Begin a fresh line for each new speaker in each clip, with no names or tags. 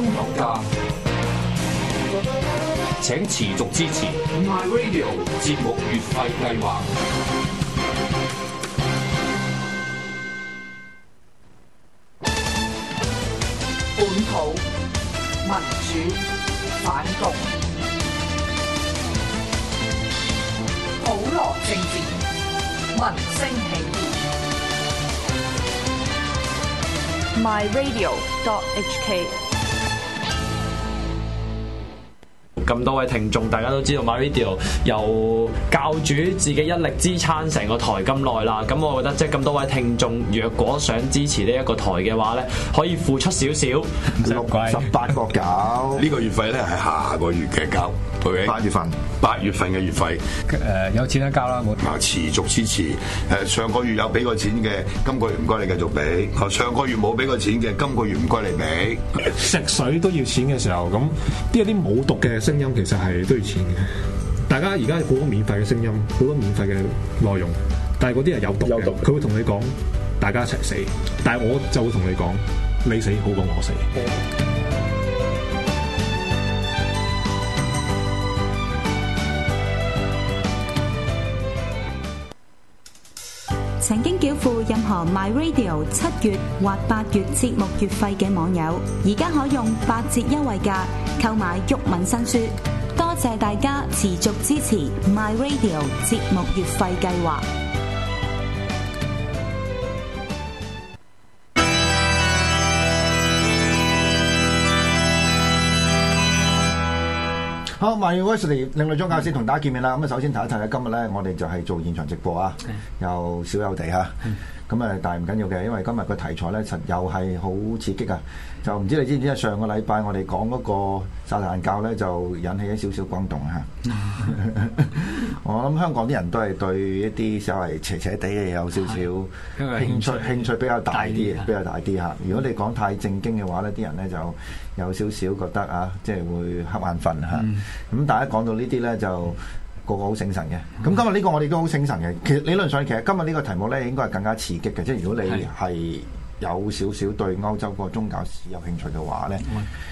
香請持續支持 My Radio 節目月費計劃。本土民主反共，
普羅政治，民生起語。My Radio dot HK。
咁多位聽眾，大家都知道 MyRadio 由教主自己一力支撐成個台咁耐啦。咁 我覺得即係咁多位聽眾，若果想支持呢一個台嘅話咧，可以付出少少，六十八個九，呢個月費咧係下個月嘅九。八、okay. 月份月，八月份嘅月費，誒，有錢就
交啦，冇。啊持續支持，持，誒、uh, 上個月有俾過錢嘅，今個月唔該你繼續俾。啊、uh, 上個月冇俾過錢嘅，今個月唔該你俾。食水都要錢嘅時候，咁啲一啲冇毒嘅聲音其實係都要錢嘅。大家而家好多免費嘅聲音，好多免費嘅內容，但係嗰啲係有毒嘅，有毒嘅，佢會同你講大家一齊死，但係我就會同你講你死好過我死。嗯
繳付任何 MyRadio 七月或八月節目月費嘅網友，而家可用八折優惠價購買《郁敏新書》。多謝大家持續支持 MyRadio 節目月費計劃。
好，My University，另類宗教史同大家見面啦。咁啊，首先提一提啦。今日咧，我哋就係做現場直播啊。又少有地嚇，咁啊，但係唔緊要嘅，因為今日個題材咧，又係好刺激啊。就唔知你知唔知啊？上個禮拜我哋講嗰個沙灘教咧，就引起一少少轟動嚇。我諗香港啲人都係對一啲稍為邪邪哋嘅有少少興趣，興趣比較大啲，比較大啲嚇。如果你講太正經嘅話咧，啲人咧就～有少少覺得啊，即係會瞌眼瞓吓。咁、嗯啊、大家講到呢啲呢，就、嗯、個個好醒神嘅。咁、嗯、今日呢個我哋都好醒神嘅。其實理論上，其實今日呢個題目呢，應該係更加刺激嘅。即係如果你係有少少對歐洲個宗教史有興趣嘅話呢，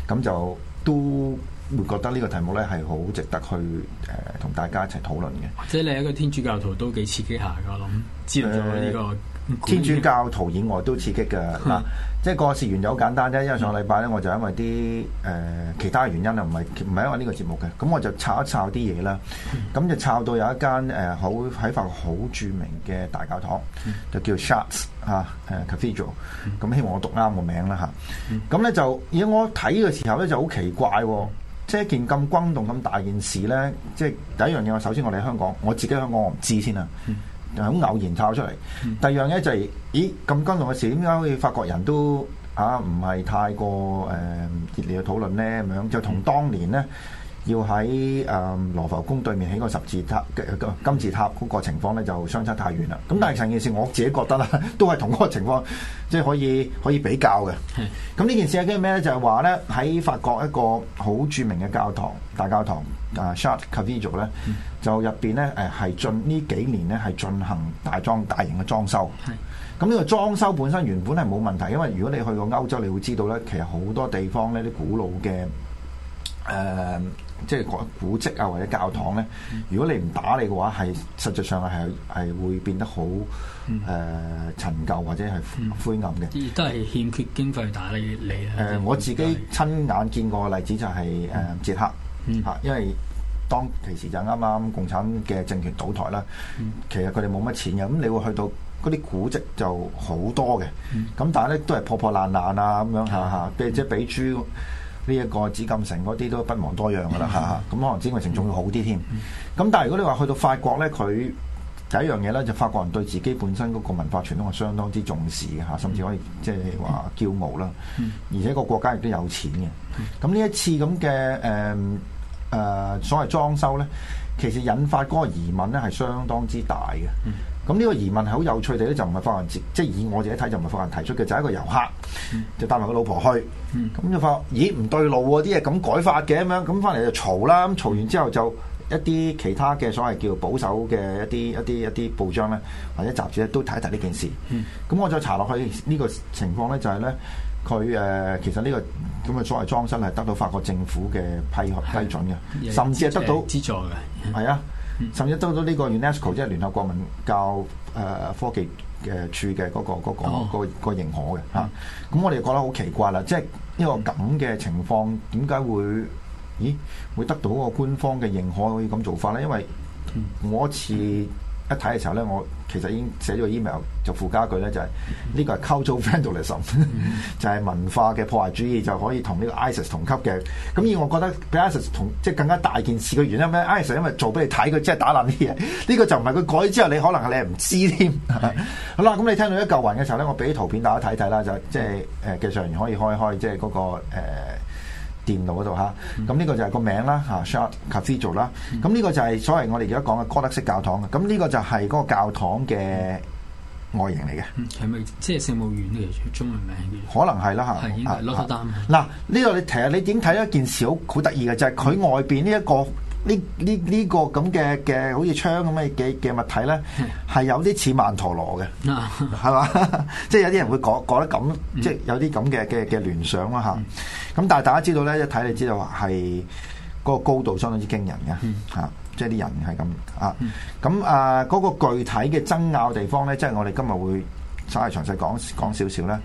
咁、嗯、就都會覺得呢個題目呢，係好值得去誒同、呃、大家一齊討論嘅。
即係你一個天主教徒都幾刺激下㗎，我
諗、呢個。誒、呃。天主教徒以外都刺激嘅嗱、嗯啊，即係個事緣就好簡單啫。因為上個禮拜咧，我就因為啲誒、呃、其他原因啊，唔係唔係因為呢個節目嘅，咁我就抄一抄啲嘢啦。咁、嗯、就抄到有一間誒、呃、好喺法國好著名嘅大教堂，嗯、就叫 Chartres 嚇誒 Cathedral、嗯。咁、啊、希望我讀啱個名啦嚇。咁、啊、咧、嗯嗯、就而我睇嘅時候咧就好奇怪，啊、即係一件咁轟動咁大件事咧。即係第一樣嘢，我首先我嚟香港，我自己香港我唔知先啦。嗯好偶然跳出嚟，第二樣嘢就係、是，咦咁金屬嘅事點解好似法國人都啊唔係太過誒、呃、熱烈嘅討論呢？咁樣，就同當年呢，要喺誒、呃、羅浮宮對面起個十字塔金金字塔嗰個情況呢，就相差太遠啦。咁但係成件事我自己覺得啦，都係同嗰個情況即係、就是、可以可以比較嘅。咁呢是的 件事係咩呢？就係、是、話呢，喺法國一個好著名嘅教堂大教堂。Chartres Cathedral 咧，就入邊咧，誒係近呢幾年咧係進行大裝大型嘅裝修 ie、嗯。咁呢個裝修本身原本係冇問題，因為如果你去過歐洲，你會知道咧，其實好多地方呢啲古老嘅誒、呃，即係古古蹟啊或者教堂咧，如果你唔打理嘅話，係實際上係係會變得好誒、呃、陳舊或者係灰暗嘅、嗯。
亦都係欠缺經費打理。誒，
我自己親眼見過嘅例子就係、是、誒、嗯嗯、捷克。嗯 因為當其時就啱啱共產嘅政權倒台啦，其實佢哋冇乜錢嘅，咁你會去到嗰啲古跡就好多嘅，咁但係咧都係破破爛爛啊咁樣嚇嚇，即係比諸呢一個紫禁城嗰啲都不忘多樣噶啦嚇嚇，咁可能紫禁城仲要好啲添。咁但係如果你話去到法國咧，佢第一樣嘢咧就法國人對自己本身嗰個文化傳統係相當之重視嘅嚇，甚至可以即係話驕傲啦，而且個國家亦都有錢嘅。咁呢一次咁嘅誒。誒、呃、所謂裝修咧，其實引發嗰個疑問咧係相當之大嘅。咁呢、嗯、個疑問係好有趣地咧，就唔係法人即係以我哋一睇就唔係法人提出嘅，就係、是、一個遊客、嗯、就帶埋佢老婆去，咁、嗯、就發覺咦唔對路喎、啊，啲嘢咁改法嘅咁樣，咁翻嚟就嘈啦。嘈完之後就一啲其他嘅所謂叫保守嘅一啲一啲一啲報章咧或者雜誌咧都睇一睇呢件事。咁、嗯、我再查落去呢個情況咧就係、是、咧。就是呢佢誒、呃、其實呢、呢個咁嘅裝係裝修係得到法國政府嘅批核批准嘅，的甚至係得到資助嘅，係啊，甚至得到呢個 UNESCO 即係聯合國文教誒科技嘅處嘅嗰、嗰個嗰、嗰個嗰認可嘅嚇。咁、嗯嗯嗯、我哋覺得好奇怪啦，即係呢個咁嘅情況，點解會咦會得到一個官方嘅認可可以咁做法咧？因為我一次。一睇嘅時候咧，我其實已經寫咗個 email 就附加句咧，就係、是、呢、嗯、個係 cultural vandalism、嗯、就係文化嘅破壞主義，就可以同呢個 ISIS IS 同級嘅。咁而我覺得比 ISIS IS 同即係更加大件事嘅原因咩？ISIS 因為做俾你睇，佢即係打爛啲嘢。呢、這個就唔係佢改之後，你可能你係唔知添。是是好啦，咁你聽到一嚿雲嘅時候咧，我俾圖片大家睇睇啦，就即係誒技術員可以開開，即係嗰、那個、呃電腦嗰度嚇，咁、啊、呢、嗯、個就係個名啦嚇，Chartres Cathedral 啦、啊，咁、嗯、呢個就係所謂我哋而家講嘅哥德式教堂咁，呢、啊這個就係嗰個教堂嘅外形嚟嘅，
係咪即係聖母院嘅中
文名？可能係啦嚇，攞得啖。嗱是，呢度你其實你點睇一件事好好得意嘅就係、是、佢外邊呢一個。呢呢呢個咁嘅嘅，好似槍咁嘅嘅物體咧，係、mm. 有啲似曼陀羅嘅，係嘛、mm. 是吧？ 即係有啲人會講講啲咁，mm. 即係有啲咁嘅嘅嘅聯想啦嚇。咁但係大家知道咧，一睇你就知道係嗰個高度相當之驚人嘅嚇、mm. 啊，即係啲人係咁、mm. 啊。咁啊嗰、那個具體嘅爭拗地方咧，即係我哋今日會稍為詳細講講少少啦，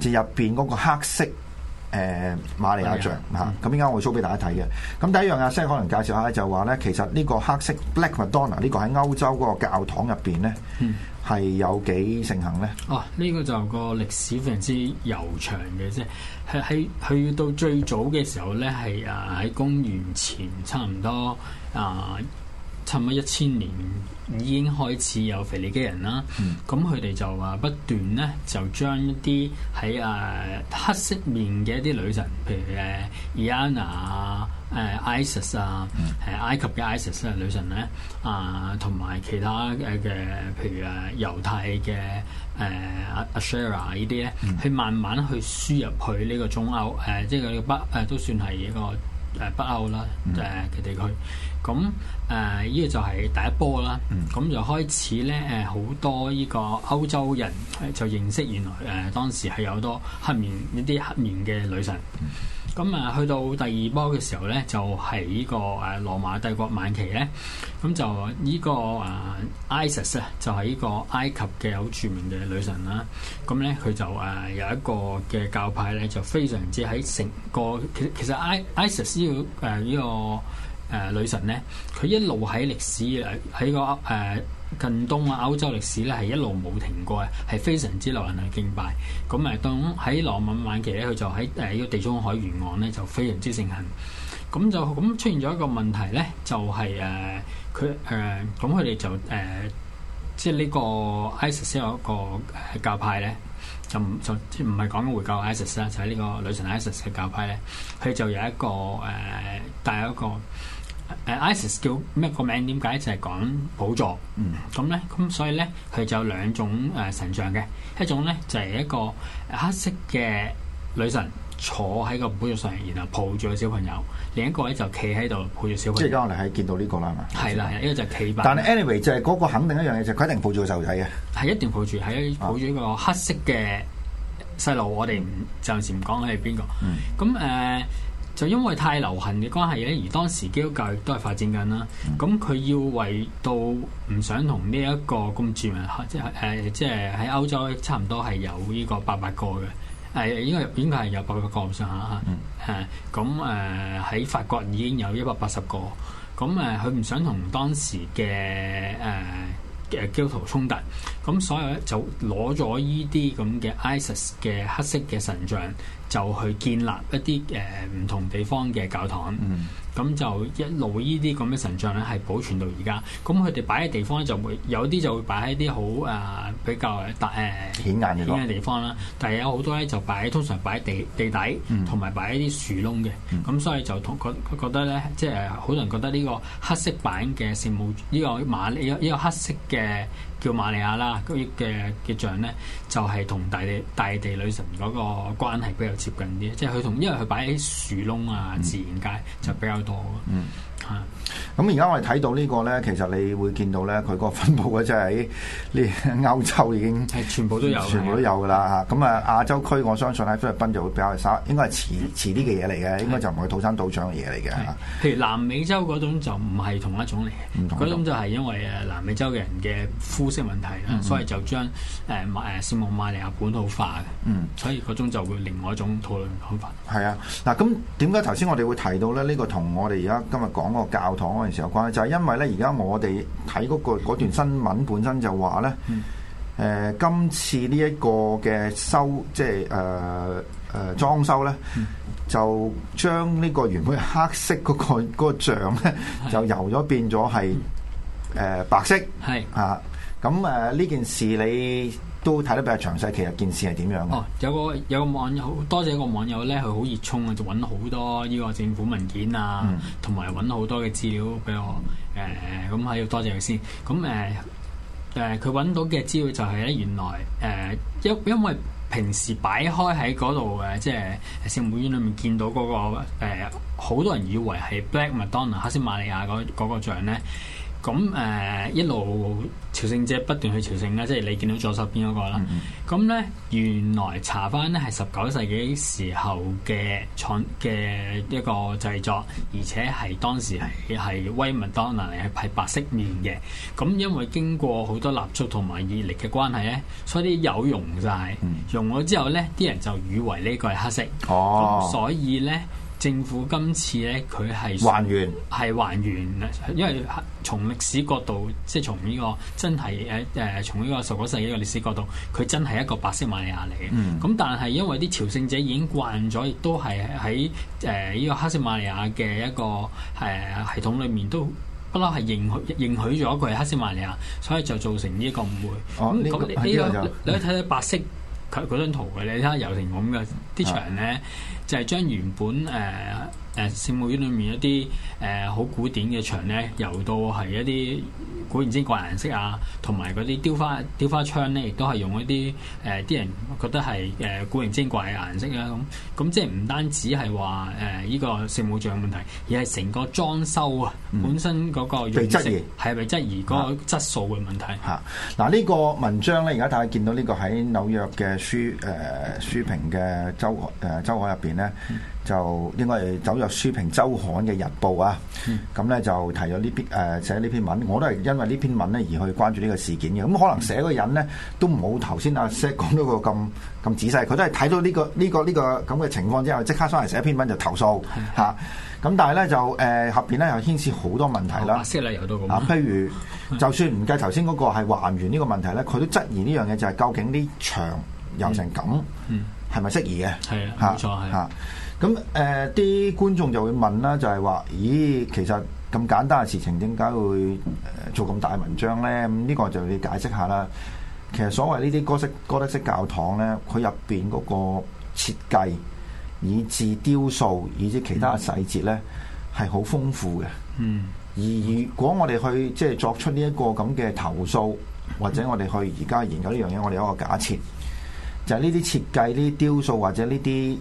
即係入邊嗰個黑色。誒瑪麗亞像嚇，咁依家我 show 會俾大家睇嘅。咁第一樣阿 Sir 可能介紹下咧，就話咧其實呢個黑色 Black Madonna 呢個喺歐洲嗰個教堂入邊咧，係、嗯、有幾盛行咧？
哦、啊，呢、呢個就個歷史非常之悠長嘅啫。喺喺去到最早嘅時候咧，係啊喺公元前差唔多啊。差唔多一千年已經開始有腓尼基人啦，咁佢哋就話不斷咧，就將一啲喺誒黑色面嘅一啲女神，譬如誒 Inanna 誒 Isis 啊，誒、啊、埃及嘅 Isis、嗯呃、Isis 女神咧、呃，啊同埋其他誒嘅譬如誒猶太嘅誒 Asherah 呢啲咧，去慢慢去輸入去呢個中歐誒、呃，即係個北誒、呃、都算係一個誒北歐啦誒嘅地區。嗯咁誒依個就係第一波啦，咁就開始咧誒好多呢個歐洲人就認識原來誒、呃、當時係有好多黑面一啲黑面嘅女神。咁啊去到第二波嘅時候咧，就係、是、呢、這個誒、啊、羅馬帝國晚期咧，咁就呢、這個誒 Isis 咧，就係、是、呢個埃及嘅好著名嘅女神啦。咁咧佢就誒、啊、有一個嘅教派咧，就非常之喺成個其實其實 Isis 呢個誒依個。呃誒、呃、女神咧，佢一路喺歷史誒喺個誒近東啊、歐洲歷史咧，係一路冇停過嘅，係非常之流行去敬拜。咁誒，當喺羅馬晚期咧，佢就喺誒一個地中海沿岸咧，就非常之盛行。咁就咁出現咗一個問題咧，就係誒佢誒，咁佢哋就誒、呃，即係呢個 ISIS IS 有一個教派咧，就唔就即係唔係講回教 ISIS IS，啊？就係、係、呢個女神 ISIS 嘅 IS IS 教派咧，佢就有一個誒、呃、帶有一個。呃誒、uh,，ISIS 叫咩個名？點解？就係講寶座。嗯，咁咧，咁所以咧，佢就有兩種誒神像嘅，一種咧就係、是、一個黑色嘅女神坐喺個寶座上，然後抱住個小朋友。另一個咧就企喺度抱住小朋友。即係而家我哋係見到呢個啦，係嘛的？係啦、嗯，呢個就企吧。但係 anyway
就係嗰個肯定一樣嘢，就佢、是、一定抱住個細路仔嘅。
係一定抱住，係抱住一個黑色嘅細路。啊、我哋暫時唔講佢係邊個。嗯。咁誒。就因為太流行嘅關係咧，而當時基督教亦都係發展緊啦。咁佢、嗯、要為到唔想同呢一個咁著名，即係誒、呃，即係喺歐洲差唔多係有呢個八百個嘅。誒、呃，應該應該係有八百個咁上下嚇。誒，咁誒喺法國已經有一百八十個。咁、嗯、誒，佢、呃、唔想同當時嘅誒誒基督徒衝突。咁、嗯、所以咧就攞咗呢啲咁嘅 ISIS 嘅黑色嘅神像。就去建立一啲誒唔同地方嘅教堂，咁、嗯、就一路呢啲咁嘅神像咧，係保存到而家。咁佢哋擺嘅地方咧，就會有啲就會擺喺啲好誒比較大誒、呃、顯眼嘅地方啦。但係有好多咧，就擺喺通常擺喺地地底，同埋、嗯、擺喺啲樹窿嘅。咁、嗯、所以就同覺覺得咧，即係好多人覺得呢個黑色版嘅聖母，呢、呢個瑪呢個呢個黑色嘅。叫瑪麗亞啦，佢嘅嘅像咧就係同大地大地女神嗰個關係比較接近啲，即係佢同因為佢擺喺啲樹窿啊，嗯、自然界就比較多。嗯。
咁而家我哋睇到呢個咧，其實你會見到咧，佢個分佈咧，就係喺呢歐洲已經全部都有，全部都有噶啦吓。咁的啊，亞洲區我相信喺菲律賓就會比較少，應該係遲遲啲嘅嘢嚟嘅。的應該就唔係土生土長嘅嘢嚟嘅。譬
如南美洲嗰種就唔係同一種嚟，嗰種就係因為誒南美洲嘅人嘅膚色問題，嗯、所以就將誒馬誒聖母瑪利亞本土化嘅，嗯，所以嗰種就會另外一種討論講
法。係啊，嗱咁點解頭先我哋會提到咧？呢個同我哋而家今日講。個教堂嗰陣時候有關，就係因為咧，而家我哋睇嗰個嗰段新聞，本身就話咧，誒，今次呢一個嘅修，即係誒誒，裝修咧，就將呢個原本係黑色嗰個嗰個像咧，就油咗變咗係誒白色，係啊，咁誒呢件事你。都睇得比較詳細，其實件事係點樣哦。
有個有個網友，多謝一個網友咧，佢好熱衷啊，就揾好多呢個政府文件啊，同埋揾好多嘅資料俾我。誒、呃，咁喺要多謝佢先。咁誒誒，佢、呃、揾、呃、到嘅資料就係、是、咧，原來誒因、呃、因為平時擺開喺嗰度誒，即係聖母院裏面見到嗰、那個好、呃、多人以為係 Black Madonna、黑色瑪利亞嗰、那、嗰個像咧。那個像呢咁誒、呃、一路朝聖者不斷去朝聖啦，即係你見到左手邊嗰個啦。咁咧、mm hmm. 原來查翻咧係十九世紀時候嘅創嘅一個製作，而且係當時係係 White Madonna 係白色面嘅。咁因為經過好多蠟燭同埋熱力嘅關係咧，所以有溶晒。溶咗、mm hmm. 之後咧，啲人就以為呢個係黑色。哦，oh. 所以咧。政府今次咧，佢係還原，係還原，因為從歷史角度，即係從呢、呢個真係誒誒，從呢個十九世紀嘅歷史角度，佢真係一個白色瑪麗亞嚟嘅。咁、嗯、但係因為啲朝聖者已經慣咗，亦都係喺誒呢個黑色瑪麗亞嘅一個誒系統裏面，都不嬲係認認許咗佢係黑色瑪麗亞，所以就造成呢一個誤會。咁呢個你可睇睇白色嗰張圖嘅，你睇下油成咁嘅啲牆咧。就係將原本誒誒聖母院裏面一啲誒好古典嘅牆咧，油到係一啲古靈精怪顏色啊，同埋啲雕花雕花窗咧，亦都係用一啲誒啲人覺得係誒、呃、古靈精怪嘅顏色啊，咁咁即係唔單止係話誒呢個聖母像問題，而係成個裝修啊本身個個、嗯、被質疑係咪質疑個質素嘅問題吓。
嗱，呢個文章咧，而家大家見到呢個喺紐約嘅書誒、呃、書評嘅周誒周刊入邊。咧、嗯、就應該係走入《書評周刊》嘅日報啊！咁咧、嗯嗯、就提咗呢篇誒、呃、寫呢篇文，我都係因為呢篇文咧而去關注呢個事件嘅。咁、嗯、可能寫嗰人咧都唔好頭先阿 Zeke 講到個咁咁仔細，佢都係睇到呢、呢個呢、呢個呢、呢個咁嘅情況之後，即刻上嚟寫一篇文就投訴嚇。咁、嗯嗯啊、但係咧就誒合邊咧又牽涉好多問題啦、哦啊，色、啊、譬如、嗯、就算唔計頭先嗰個係還原呢個問題咧，佢都質疑呢樣嘢就係、是、究竟呢場由成咁。係咪適宜嘅？係啊，冇錯係。嚇咁誒，啲、呃、觀眾就會問啦，就係、係、話：咦，其實咁簡單嘅事情，點解會做咁大文章咧？咁、嗯、呢、呢個就要解釋下啦。其實所謂呢啲歌式哥德式教堂咧，佢入邊嗰個設計，以至雕塑，以至其他嘅細節咧，係好、嗯、豐富嘅。嗯。而如果我哋去即係作出呢一個咁嘅投訴，或者我哋去而家研究呢樣嘢，我哋有一個假設。呢啲設計、呢啲雕塑或者呢啲，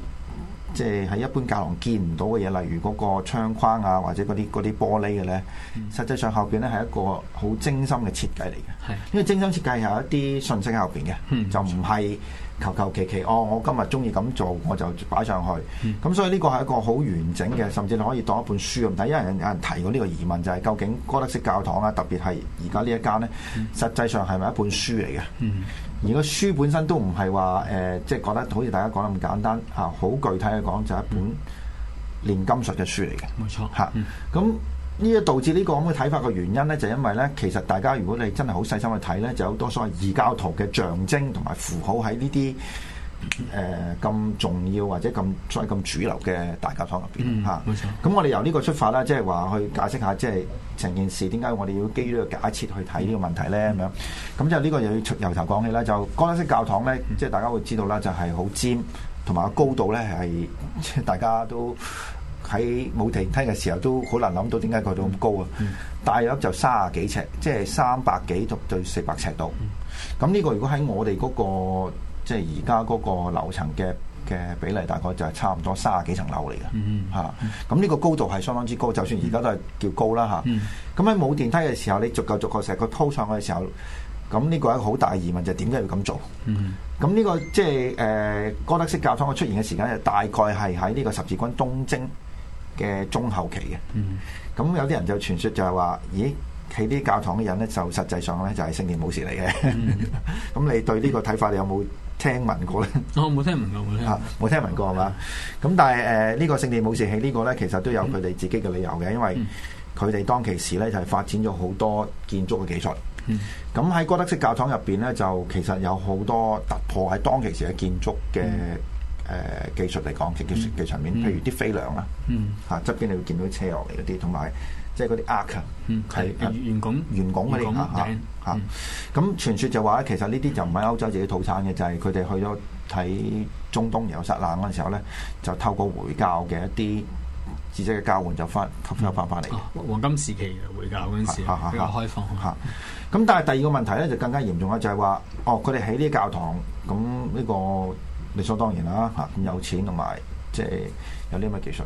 即係一般教堂見唔到嘅嘢，例如嗰個窗框啊，或者嗰啲嗰啲玻璃嘅呢，嗯、實際上後邊呢係一個好精心嘅設計嚟嘅。係的因為精心設計係有一啲信息喺後邊嘅，嗯、就唔係求求其其哦，我今日中意咁做，我就擺上去。咁、嗯、所以呢個係一個好完整嘅，甚至你可以當一本書咁睇。因為有人提過呢個疑問，就係究竟哥德式教堂啊，特別係而家呢一間呢，實際上係咪一本書嚟嘅？嗯如果書本身都唔係話誒，即係覺得好似大家講得咁簡單嚇，好、啊、具體嘅講就係、一本煉金術嘅書嚟嘅，冇錯嚇。咁呢、啊嗯、個導致呢個咁嘅睇法嘅原因呢，就因為呢。其實大家如果你真係好細心去睇呢，就有好多所謂異教徒嘅象徵同埋符號喺呢啲。誒，咁、呃、重要或者咁在咁主流嘅大教堂入邊吓，冇錯。咁我哋由呢個出發啦，即係話去解釋下，即係成件事點解我哋要基於呢個假設去睇呢個問題咧咁樣。咁就呢個又要由頭講起啦。就哥德式教堂咧，即係、嗯、大家會知道啦，就係好尖，同埋個高度咧係，大家都喺冇停梯嘅時候都好難諗到，點解佢度咁高啊？大約就三十幾尺，即、就、係、是、三百幾度，到四百尺度。咁呢個如果喺我哋嗰、那個。即係而家嗰個樓層嘅、嘅比例大概就係差唔多三十幾層樓嚟嘅，嚇，咁呢個高度係相當之高，就算而家都係叫高啦，嚇。咁喺冇電梯嘅時候，你逐個逐個成個拖上去嘅時候，咁呢個係一個好大疑問，就係點解要咁做？咁呢，嗯，這個即係誒，呃、哥德式教堂嘅出現嘅時間，就大概係喺呢個十字軍東征嘅中後期嘅。咁、嗯、有啲人就傳説就係話，咦，企啲教堂嘅人呢，就實際上呢，就係聖殿武士嚟嘅。咁 你對呢個睇法，你有冇？聽聞過咧？
我冇聽聞過，冇聽。
嚇，冇聽聞過係嘛？咁 但係誒呢個聖地武士器呢個咧，其實都有佢哋自己嘅理由嘅，因為佢哋當其時咧就係發展咗好多建築嘅技術。咁喺哥德式教堂入邊咧，就其實有好多突破喺當其時嘅建築嘅誒技術嚟講，建築技術層面，譬如啲飛梁啊，嗯，嚇側邊你會見到車落嚟嗰啲，同埋即係嗰啲拱，嗯，係圓拱，圓拱嚟啲。嚇。啊！咁、嗯嗯、傳說就話咧，其實呢啲就唔係歐洲自己土產嘅。就係佢哋去咗睇中東有失難嗰陣時候咧，就透過回教嘅一啲知識嘅交換就，就翻吸收翻翻嚟。
黃金時期嘅回教嗰陣比較開
放。嚇！咁但係第二個問題咧就更加嚴重啦，就係、是、話哦，佢哋喺呢啲教堂，咁呢個理所當然啦嚇。咁、嗯、有錢同埋即係有啲咁嘅技術，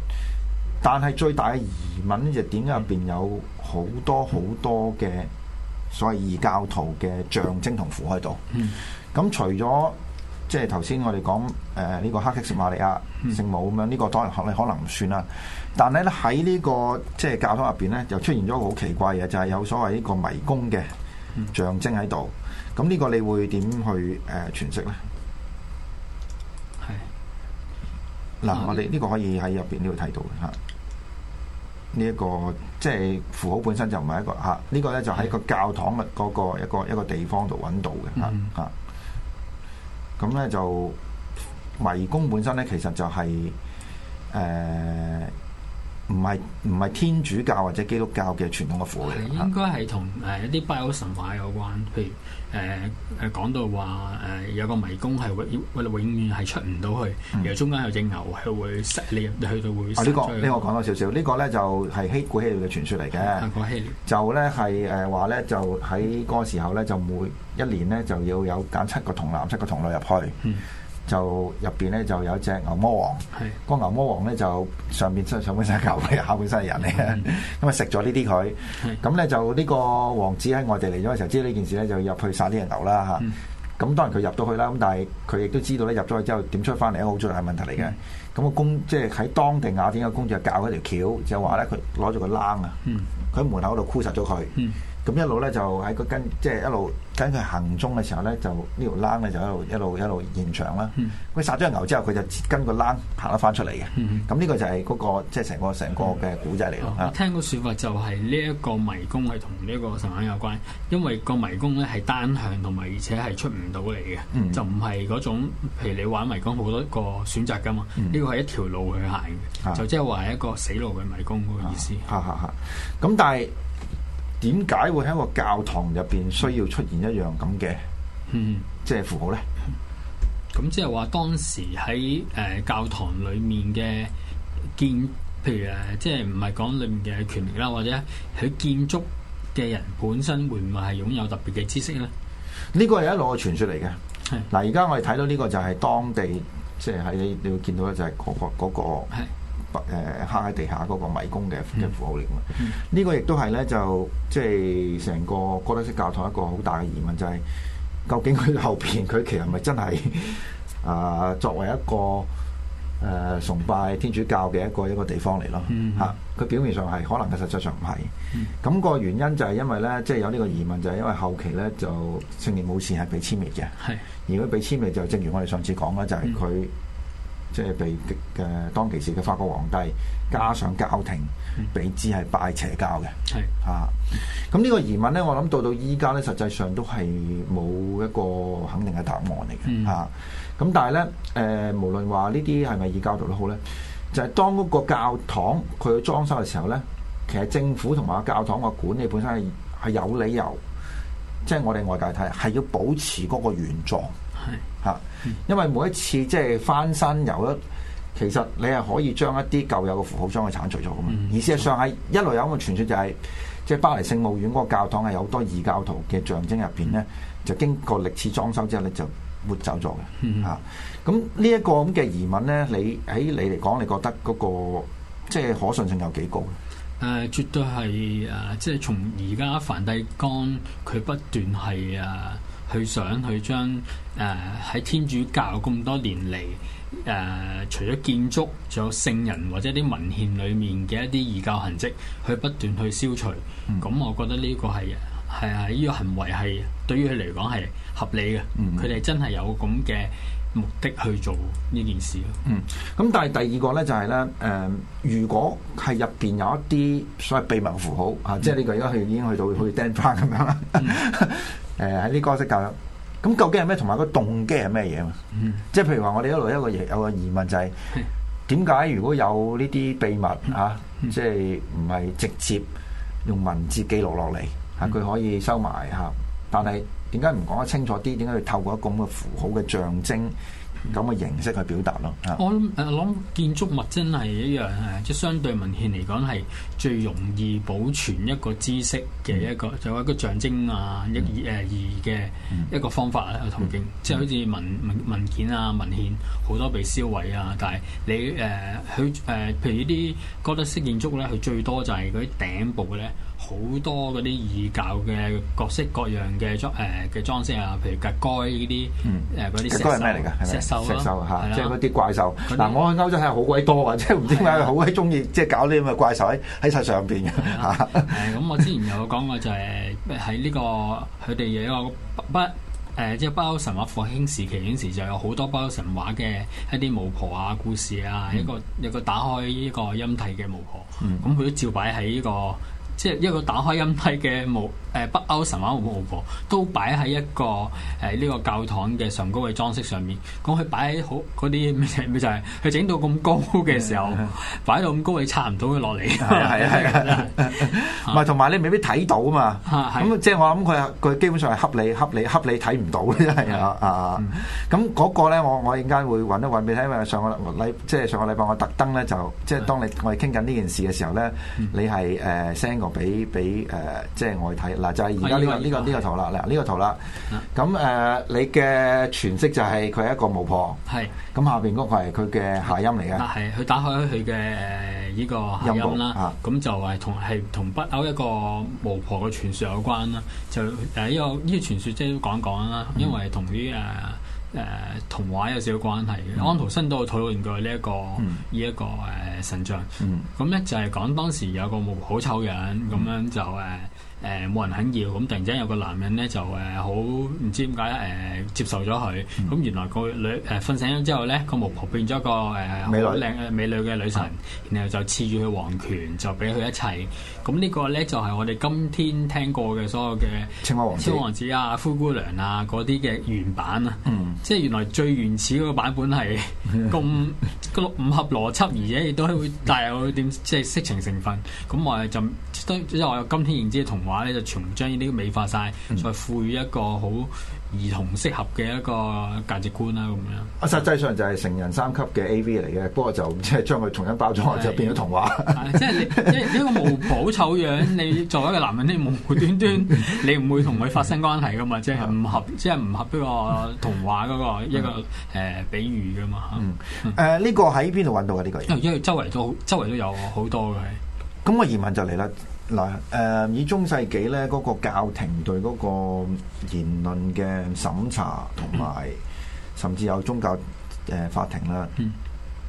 但係最大嘅疑問就點解入邊有好多好多嘅、嗯？所謂異教徒嘅象徵同符喺度，咁、嗯嗯嗯、除咗即係頭先我哋講誒呢個黑色瑪利亞聖、嗯、母咁樣，呢、這個當然可你可能唔算啦。但係咧喺呢個即係教堂入邊咧，又出現咗個好奇怪嘅，就係、是、有所謂呢個迷宮嘅象徵喺度。咁呢、嗯、個你會點去誒詮釋咧？係、呃、嗱，我哋呢個可以喺入邊呢度睇到吓。呢一、這個即係符號本身就唔係一個嚇，呢、啊這個咧就喺個教堂嘅嗰個一個一個地方度搵到嘅嚇。咁、啊、咧、嗯啊、就迷宮本身咧其實就係、是、誒。呃唔係唔係天主教或者基督教嘅傳統嘅符嚟，應
該係同誒一啲不朽神話有關。譬如誒誒、呃、講到話誒、呃、有個迷宮係永我哋遠係出唔到去，而、嗯、中間有隻牛係會塞、啊這個、你，你去到會。呢、這個呢個講
多少少，呢個咧就係、是、希古希臘嘅傳說嚟嘅、呃。就咧係誒話咧就喺嗰個時候咧就每一年咧就要有揀七個童男七個童女入去。嗯就入邊咧就有一隻牛魔王，個牛魔王咧就上邊上上邊身牛，下邊身係人嚟嘅。咁啊食咗呢啲佢，咁咧就呢個王子喺外地嚟咗嘅時候，知呢件事咧就入去殺啲人牛啦嚇。咁當然佢入到去啦，咁但係佢亦都知道咧入咗去之後點出翻嚟，一個好最大問題嚟嘅。咁個公，即係喺當地雅典嘅公主就搞嗰條橋，就話咧佢攞住個冷啊，佢喺門口度箍實咗佢。咁一路咧就喺佢跟，即係一路跟佢行中嘅時候咧，就呢條欄咧就一路一路一路延長啦。佢殺咗隻牛之後，嗯，佢就跟個欄行得翻出嚟嘅。咁呢個就係嗰個即係成個成個嘅古仔嚟嘅。我
聽過說法就係呢一個迷宮係同呢個神鵰有關，因為個迷宮咧係單向同埋而且係出唔到嚟嘅，就唔係嗰種譬如你玩迷宮好多個選擇噶嘛。呢個係一條路去行就即係話一個死路嘅迷宮嗰個意思、嗯。嚇嚇嚇！咁但係。啊啊點解會喺個教堂入邊需要出現
一樣咁嘅，即係、嗯、符號咧？
咁即係話當時喺誒、呃、教堂裏面嘅建，譬如誒，即係唔係講裏面嘅權力啦，或者佢建築嘅人本身會唔會係擁有特別嘅知識
咧？呢個係一路嘅傳說嚟嘅。嗱，而家我哋睇到呢個就係當地，即係喺你你會見到咧，嗰個，就係嗰個嗰個誒，刻喺、呃、地下嗰個迷宮嘅符號嚟嘅嘛，嗯嗯、個呢個亦都係咧，就即係成個哥德式教堂一個好大嘅疑問，就係、是、究竟佢後邊佢其實係咪真係啊、呃、作為一個誒、呃、崇拜天主教嘅一個一個地方嚟咯嚇？佢、嗯嗯啊、表面上係可能，佢實際上唔係。咁個原因就係因為咧，即、就、係、是、有呢個疑問，就係因為後期咧就聖殿武士係被殲滅嘅。係是，如果被殲滅就正如我哋上次講啦，就係、是、佢、嗯。即係被嘅當其時嘅法國皇帝加上教廷俾知係拜邪教嘅，係是啊，咁呢個疑問咧，我諗到到依家咧，實際上都係冇一個肯定嘅答案嚟嘅，嚇、嗯。咁、啊、但係咧，誒、呃，無論話呢啲係咪異教徒都好咧，就係、是、當嗰個教堂佢去裝修嘅時候咧，其實政府同埋教堂嘅管理本身係係有理由，即、就、係、是、我哋外界睇係要保持嗰個原狀。係吓，嗯、因為每一次即係翻新，由一其實你係可以將一啲舊有嘅符號將佢鏟除咗噶嘛。嗯、意思係上下一路有咁嘅傳說就係、是，即、就、係、是、巴黎聖母院嗰個教堂係有好多異教徒嘅象徵入邊咧，嗯、就經過歷次裝修之後咧就抹走咗嘅吓。咁呢一個咁嘅疑問咧，你喺你嚟講，你覺得嗰、那個即係、就是、可信性有幾高咧？誒、
呃，絕對係誒、呃，即係從而家梵蒂岡佢不斷係誒。啊去想去將誒喺，呃、天主教咁多年嚟誒，呃，除咗建築，仲有聖人或者啲文獻裏面嘅一啲異教痕跡，去不斷去消除。咁，嗯、我覺得呢個係係啊，呢，呢個行為係對於佢嚟講係合理嘅。佢哋，嗯、真係有咁嘅目的去做呢件事咯。嗯。
咁，嗯、但係第二個咧就係咧誒，如果係入邊有一啲所謂秘密符號，嗯、啊，即係呢個而家佢已經去到好似，嗯、d e 咁樣啦。誒，喺呢個式教育，咁究竟係咩？同埋個動機係咩嘢嘛？即係譬如話我哋一路一個疑有個疑問就係、是，點解如果有呢啲秘密吓，即係唔係直接用文字記錄落嚟，啊佢可以收埋吓，但係點解唔講得清楚啲？點解要透過一個咁嘅符號嘅象徵？咁嘅形式去表達咯。
我諗誒，諗建築物真係一樣誒，即係相對文獻嚟講係最容易保存一個知識嘅一個，有、嗯、一個象徵啊、嗯、一誒意義嘅一個方法啊途徑，嗯、即係好似文文、嗯、文件啊文獻好多被燒毀啊，但係你誒佢誒，譬如呢啲哥德式建築咧，佢最多就係嗰啲頂部嘅咧。好多嗰啲異教嘅各式各樣嘅裝誒嘅裝飾啊，譬如格該呢啲誒嗰啲石獸啊，石獸啊，即係嗰啲
怪獸。嗱我去歐洲睇，好鬼多嘅，即係唔知點解好鬼中意，即係搞呢啲咁嘅怪獸喺喺曬上邊嘅。
咁我之前有講過就係喺呢個佢哋有一個不誒，即係北歐神話復興時期嗰時，就有好多北歐神話嘅一啲巫婆啊故事啊，一個一個打開呢個陰體嘅巫婆，咁佢都照擺喺呢個。即係一個打開音梯嘅冇誒北歐神話好木偶，都擺喺一個誒呢個教堂嘅上高嘅裝飾上面。咁佢擺喺好啲咩咩就係佢整到咁高嘅時候，擺到咁高你拆唔到佢落嚟。啊，係啊係啊，唔係同埋你未必睇到啊嘛。咁
即係我諗佢佢基本上係恰你恰你恰你睇唔到，真係啊啊！咁嗰個咧，我我陣間會揾一揾俾你，因為上個禮即係上個禮拜我特登咧就即係當你我哋傾緊呢件事嘅時候咧，你係誒 send 我。俾俾誒，即係我睇嗱，就係而家呢個呢、啊這個呢、這個圖啦，嗱呢、這個圖啦，咁誒的的你嘅詮釋就係佢一個巫婆，係咁的下邊嗰個係佢嘅下音嚟嘅，係
佢打開佢嘅誒呢個下音啦，咁就係同係同北歐一個巫婆嘅傳說有關啦，就誒呢、這個呢、這個傳說即係都講講啦，因為同啲誒。嗯嗯誒、呃、童話有少少關係嘅，安徒、嗯、生都有討論過呢、這、一個依一、嗯、個誒神像，咁咧、嗯、就係講當時有個好醜樣嘅人，咁、嗯、樣就誒。呃誒冇人肯要，咁突然之間有個男人咧就誒好唔知點解誒接受咗佢，咁、嗯、原來個女誒瞓、呃、醒咗之後咧個巫婆變咗個誒好靚美女嘅女神，女然後就賜住佢王權，就俾佢一切。咁呢個咧就係、是、我哋今天聽過嘅所有嘅青蛙王子、小王子啊、灰姑娘啊嗰啲嘅原版啊，嗯、即係原來最原始嗰個版本係咁唔合邏輯，而且亦都係會，帶有點即係色情成分，咁我係就。即係我有今天認知嘅童話咧，就全部將呢啲美化晒，再賦予一個好兒童適合嘅一個價值觀啦，咁樣。
啊，實際上就係成人三級嘅 AV 嚟嘅，不過就即係將佢重新包裝，是就變咗童話。
即係呢個無保醜樣，你作為一個男人咧，無端端你唔會同佢發生關係噶嘛？即係唔合，即係唔合呢個童話嗰個一個誒比喻噶嘛？誒，
呢個喺邊度揾到啊？呢個嘢？因
為周圍都周圍都有好多嘅，
咁個疑問就嚟啦。嗱，誒以中世紀咧，嗰個教廷對嗰個言論嘅審查，同埋甚至有宗教誒法庭啦。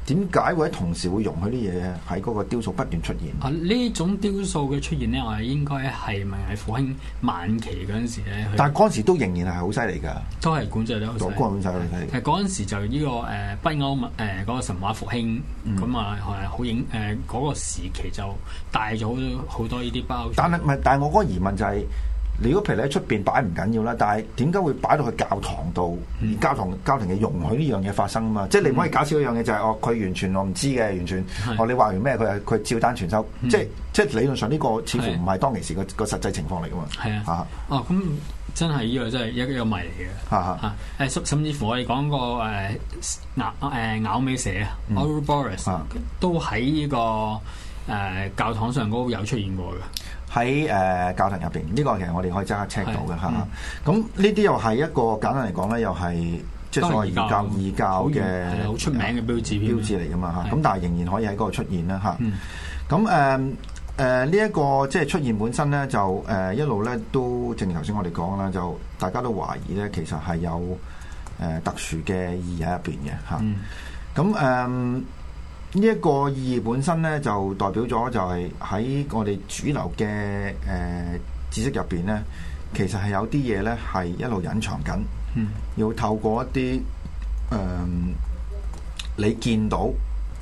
點解會喺同時會容許啲嘢喺嗰個雕塑不斷出現？
啊，呢種雕塑嘅出現咧，我哋應該係咪喺復興晚期嗰陣時咧？但係嗰陣
時都仍然係好犀利㗎，
都係管制得好犀利。嗰陣、啊、時就呢、呢個誒北、呃、歐文誒、呃那個、神話復興咁、嗯、啊，係好影誒嗰、呃那個時期就帶咗好多呢啲包
但。但係唔係？但係我嗰個疑問就係、係。如果譬如你喺出邊擺唔緊要啦，但係點解會擺到去教堂度？教堂，教堂嘅容許呢樣嘢發生啊嘛，即係你唔可以搞笑一樣嘢就係哦，佢完全我唔知嘅，完全哦你話完咩佢係佢照單全收，即係即係理論上呢個似乎唔係當其時個個實際情況嚟噶
嘛。係啊，哦咁真係呢個真係一個一個謎嚟嘅。嚇嚇甚至乎我哋講個誒咬誒咬尾蛇啊 Ouroboros 都喺呢個誒教堂上都有出現過嘅。
喺誒教堂入邊，呢個其實我哋可以即刻 check 到嘅嚇。咁呢啲又係一個簡單嚟講咧，又係即係所謂異教、異教嘅好出名嘅標誌標誌嚟㗎嘛嚇。咁但係仍然可以喺嗰度出現啦嚇。咁誒誒呢一個即係出現本身咧，就誒一路咧都正如頭先我哋講啦，就大家都懷疑咧，其實係有誒特殊嘅意義喺入邊嘅嚇。咁誒。呢一個意義本身咧，就代表咗就係喺我哋主流嘅誒、呃、知識入邊咧，其實係有啲嘢咧係一路隱藏緊，要透過一啲誒、呃、你見到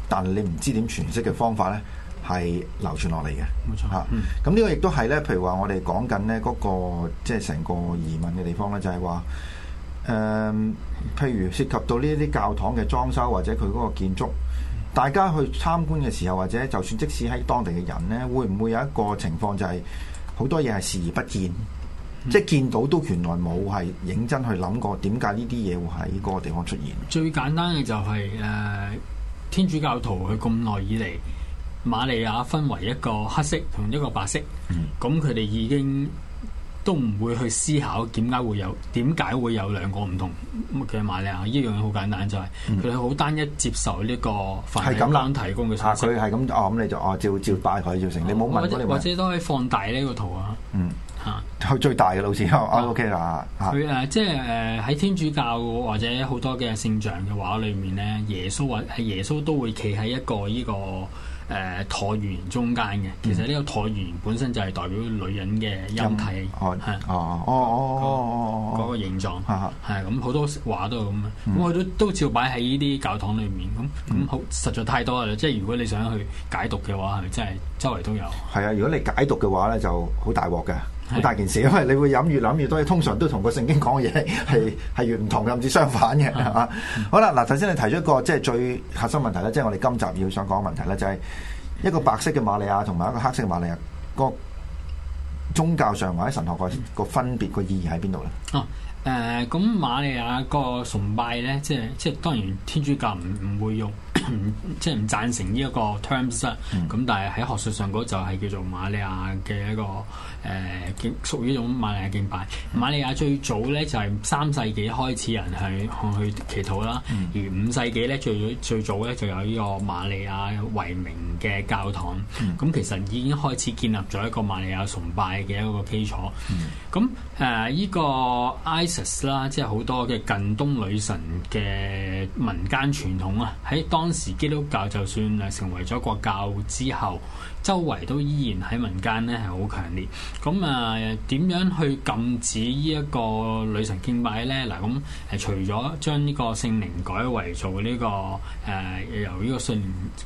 但係你唔知點詮釋嘅方法咧，係流傳落嚟嘅。冇錯，嚇、嗯啊，咁呢個亦都係咧，譬如話我哋講緊咧嗰個即係成個移民嘅地方咧，就係話誒，譬如涉及到呢啲教堂嘅裝修或者佢嗰個建築。大家去參觀嘅時候，或者就算即使喺當地嘅人呢，會唔會有一個情況就係好多嘢係視而不見，嗯、即係見到都原來冇係認真去諗過點解呢啲嘢會喺嗰個地方出現？
最簡單嘅就係、是、誒、呃、天主教徒佢咁耐以嚟，瑪利亞分為一個黑色同一個白色，咁佢哋已經，都唔會去思考點解會有點解會有兩個唔同嘅瑪麗亞啊！一樣嘢好簡單，就係佢哋好單一接受呢個神提供嘅神。
佢係咁哦，咁你就哦照照拜佢照成。哦、你冇問我或，者會或
者都可以放大呢個圖，嗯、
啊。嗯。嚇！去最大嘅老師。O K 啦。佢
誒即係誒喺天主教或者好多嘅聖像嘅畫裏面咧，耶穌或係耶穌都會企喺一個呢、這個。這個誒橢、呃、圓中間嘅，其實呢個橢圓本身就係代表女人嘅陰體嚇，
哦哦
哦係哦，嗰個形狀係咁好多話都係咁咁我都都照擺喺呢啲教堂裏面，咁咁好實在太多啦，即係如果你想去解讀嘅話，係咪真係周圍都有？
係啊，如果你解讀嘅話咧，就好大鑊嘅。好大件事，因為你會諗越諗越多，通常都同個聖經講嘅嘢係係係唔同嘅，甚至相反嘅，係。 好啦，嗱，頭先你提出一個即係最核心問題咧，即係我哋今集要想講嘅問題咧，就係、是、一個白色嘅瑪利亞同埋一個黑色嘅瑪利亞個宗教上或者神學個個分別個意義喺邊度咧？
哦、啊，誒、呃，咁、嗯、瑪利亞個崇拜咧，即係即係當然天主教唔唔會用。即係唔贊成呢一個 terms 啊、嗯，咁但係喺學術上就係叫做瑪利亞嘅一個誒、呃，屬於一種瑪利亞敬拜。瑪利亞最早咧就係三世紀開始人係去祈禱啦，嗯、而五世紀咧最最早咧就有呢個瑪利亞為名嘅教堂。咁、嗯嗯、其實已經開始建立咗一個瑪利亞崇拜嘅一個基礎，咁誒呢個 ISIS 啦 IS，即係好多嘅近東女神嘅民間傳統啊，喺當。當時基督教就算誒成為咗國教之後，周圍都依然喺民間咧係好強烈。咁誒點樣去禁止呢一個女神敬拜咧？嗱，咁、呃、係除咗將呢個聖靈改為做呢、呢個誒、呃、由呢個聖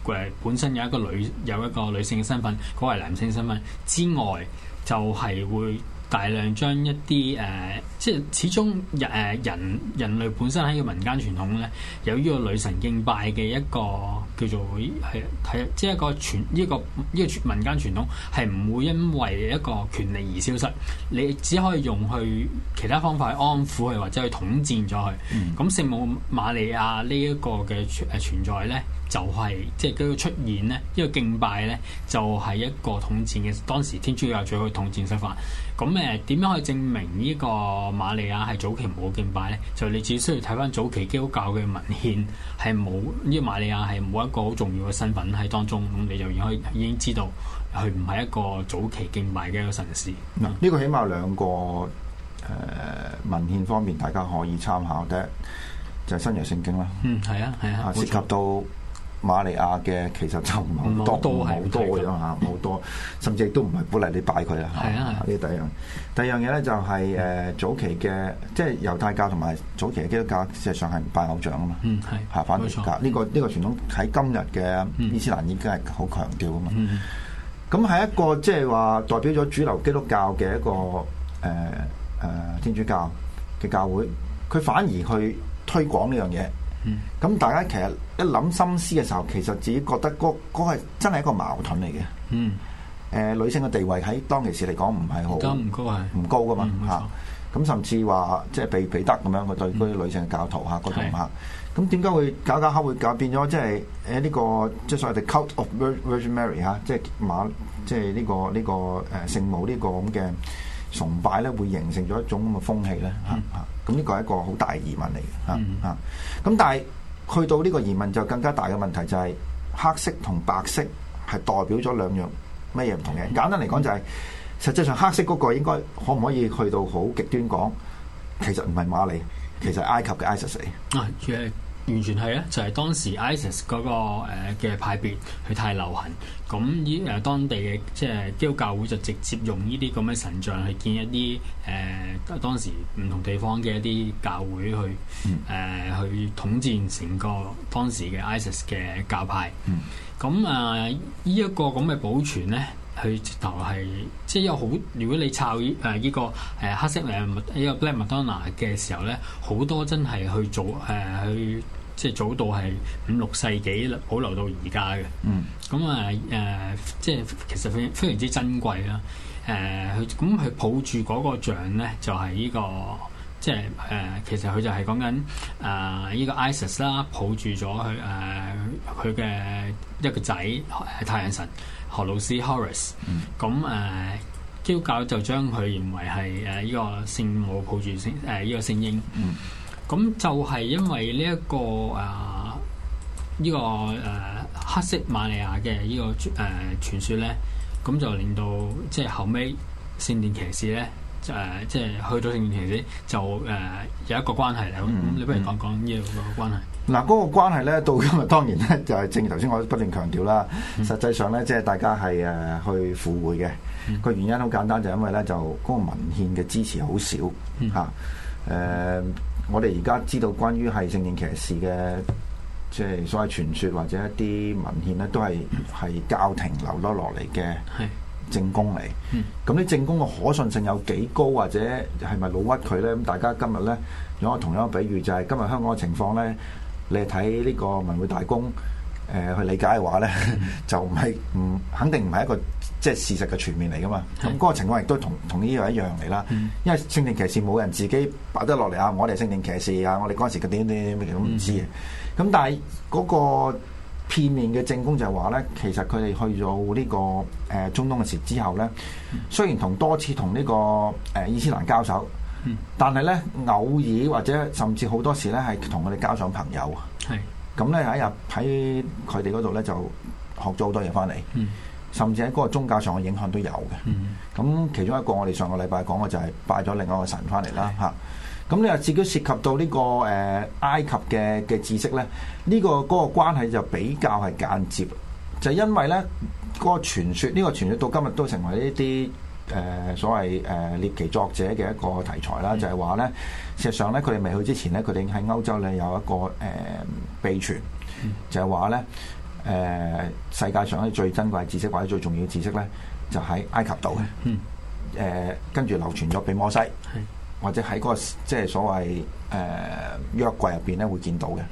誒、呃、本身有一個女有一個女性嘅身份改為男性身份之外，就係、係、會。大量將一啲誒、呃，即係始終人誒人人類本身喺個民間傳統咧，有呢個女神敬拜嘅一個。叫做係啊，係啊，即係一個傳呢個呢個民間傳統，係唔會因為一個權力而消失。你只可以用去其他方法去安撫佢，或者去統戰咗佢。咁聖、嗯、母瑪利亞呢一個嘅存在咧，就係、是、即係佢個出現咧，呢、這個敬拜咧就係、是、一個統戰嘅當時天主教最好統戰手法。咁誒點樣可以證明呢個瑪利亞係早期冇敬拜咧？就你只需要睇翻早期基督教嘅文獻，係冇呢個瑪利亞係冇一。一個好重要嘅身份喺當中，咁你就已可以已經知道佢唔係一個早期敬拜嘅一個神士。
嗱，呢個起碼兩個誒、呃、文獻方面，大家可以參考，第一就係、是、新約聖經啦。嗯，
係啊，係啊，涉及
到。瑪利亞嘅其實就唔好多，都好多嘅樣吓，好多，甚至都唔係鼓勵你拜佢啊。係啊，呢第一樣，第二樣嘢咧就係、是、誒，啊嗯、早期嘅即係猶太教同埋早期嘅基督教事實上係唔拜偶像啊嘛。嗯，係吓，反宗教呢個呢、這個傳統喺今日嘅伊斯蘭已經係好強調啊嘛。嗯嗯、啊，咁係一個即係話代表咗主流基督教嘅一個誒誒、呃呃、天主教嘅教會，佢反而去推廣呢樣嘢。咁、嗯、大家其實一諗心思嘅時候，其實自己覺得嗰嗰個真係一個矛盾嚟嘅。嗯，誒、呃、女性嘅地位喺當其時嚟講唔係好唔高係噶、嗯、嘛嚇。咁、嗯啊、甚至話即係被彼得咁樣去對嗰啲女性教徒嚇嗰種嚇。咁點解會搞搞下會搞變咗即係誒呢個即係所謂 The Cult of Virgin Mary 嚇、啊，即係瑪即係呢個呢、呢個誒、呢個呃、聖母呢個咁嘅崇拜咧，會形成咗一種咁嘅風氣咧嚇嚇。咁呢個係一個好大疑問嚟嘅嚇嚇，咁、嗯啊、但係去到呢個疑問就更加大嘅問題就係、是、黑色同白色係代表咗兩樣咩嘢唔同嘅？簡單嚟講就係、是、實際上黑色嗰個應該可唔可以去到好極端講，其實唔係瑪麗，其實埃及嘅 ISIS。
完全係啊！就係、是、當時 ISIS 嗰 IS、那個嘅派、呃、別，佢太流行，咁依誒當地嘅即係基督教會就直接用呢啲咁嘅神像去建一啲誒、呃、當時唔同地方嘅一啲教會去誒、呃、去統戰成個當時嘅 ISIS 嘅教派。咁啊，這個、這呢一個咁嘅保存咧，佢直頭係即係有好，如果你抄誒依個誒黑色嘅依個 Black Madonna 嘅時候咧，好多真係去做誒、呃、去。即係早到係五六世紀保留到而家嘅，咁啊誒，即係、嗯、其實非常之珍貴啦。誒、嗯，咁佢抱住嗰個像咧、這個，就係呢個即係誒，其實佢就係講緊誒依個 ISIS 啦，抱住咗佢誒佢嘅一個仔、呃、太陽神荷魯斯 Horus 咁誒，基督教、嗯嗯、就將佢認為係誒依個聖母抱住聖誒依個聖嬰。嗯咁就係因為呢、這、一個誒呢、啊這個誒、呃、黑色瑪麗亞嘅呢、這個誒、呃、傳說咧，咁就令到即係、就是、後尾聖殿騎士咧誒，即、呃、係、就是、去到聖殿騎士就誒、呃、有一個關係咧。咁你不如講講呢個關係。
嗱、嗯，嗰、嗯嗯、個關係咧，到今日當然咧就係、是、正如頭先我不斷強調啦，實際上咧即係大家係誒去附會嘅個原因，好簡單就是、因為咧就嗰個文獻嘅支持好少嚇誒。啊呃我哋而家知道關於係聖殿騎士嘅，即、就、係、是、所謂傳説或者一啲文獻咧，都係係教廷留咗落嚟嘅證供嚟。咁啲證供嘅可信性有幾高，或者係咪老屈佢咧？咁大家今日咧，有個同樣嘅比喻就係、是、今日香港嘅情況咧，你睇呢個文匯大公。誒去理解嘅話咧， 就唔係唔肯定唔係一個即係事實嘅全面嚟噶嘛。咁嗰個情況亦都同同呢樣一樣嚟啦。 因為聖殿騎士冇人自己擺得落嚟啊！我哋聖殿騎士啊，我哋嗰陣時點點點都唔知嘅。咁 但係嗰個片面嘅證供就係話咧，其實佢哋去咗呢個誒中東嘅時之後咧，雖然同多次同呢個誒伊斯蘭交手，但係咧，偶爾或者甚至好多時咧，係同佢哋交上朋友啊。 咁咧一日喺佢哋嗰度咧就學咗好多嘢翻嚟，mm hmm. 甚至喺嗰個宗教上嘅影響都有嘅。咁、mm hmm. 其中一個我哋上個禮拜講嘅就係拜咗另一個神翻嚟啦嚇。咁你又至於涉及到呢個誒埃及嘅嘅知識咧，呢、呢個嗰個關係就比較係間接，就係、因為咧嗰、嗰個傳說，呢、呢個傳說到今日都成為呢啲。誒、呃、所謂誒獵、呃、奇作者嘅一個題材啦， 就係話咧，事實上咧，佢哋未去之前咧，佢哋喺歐洲咧有一個誒秘傳，就係話咧，誒世界上咧最珍貴嘅知識或者最重要嘅知識咧，就喺、是、埃及度嘅，誒、 呃、跟住流傳咗俾摩西。 或者喺嗰、那個即係所謂誒、呃、約櫃入邊咧會見到嘅，咁、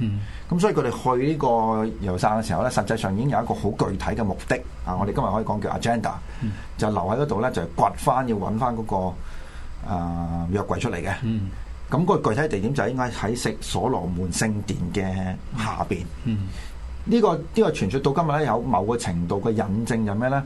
嗯、所以佢哋去呢個猶太山嘅時候咧，實際上已經有一個好具體嘅目的啊！我哋今日可以講叫 agenda、嗯、就留喺嗰度咧，就掘、是、翻要揾翻嗰個啊、呃、約櫃出嚟嘅。咁、嗯、個具體地點就應該喺食所羅門聖殿嘅下邊。嗯嗯呢、這個呢、這個傳説到今日咧有某個程度嘅引證有咩咧？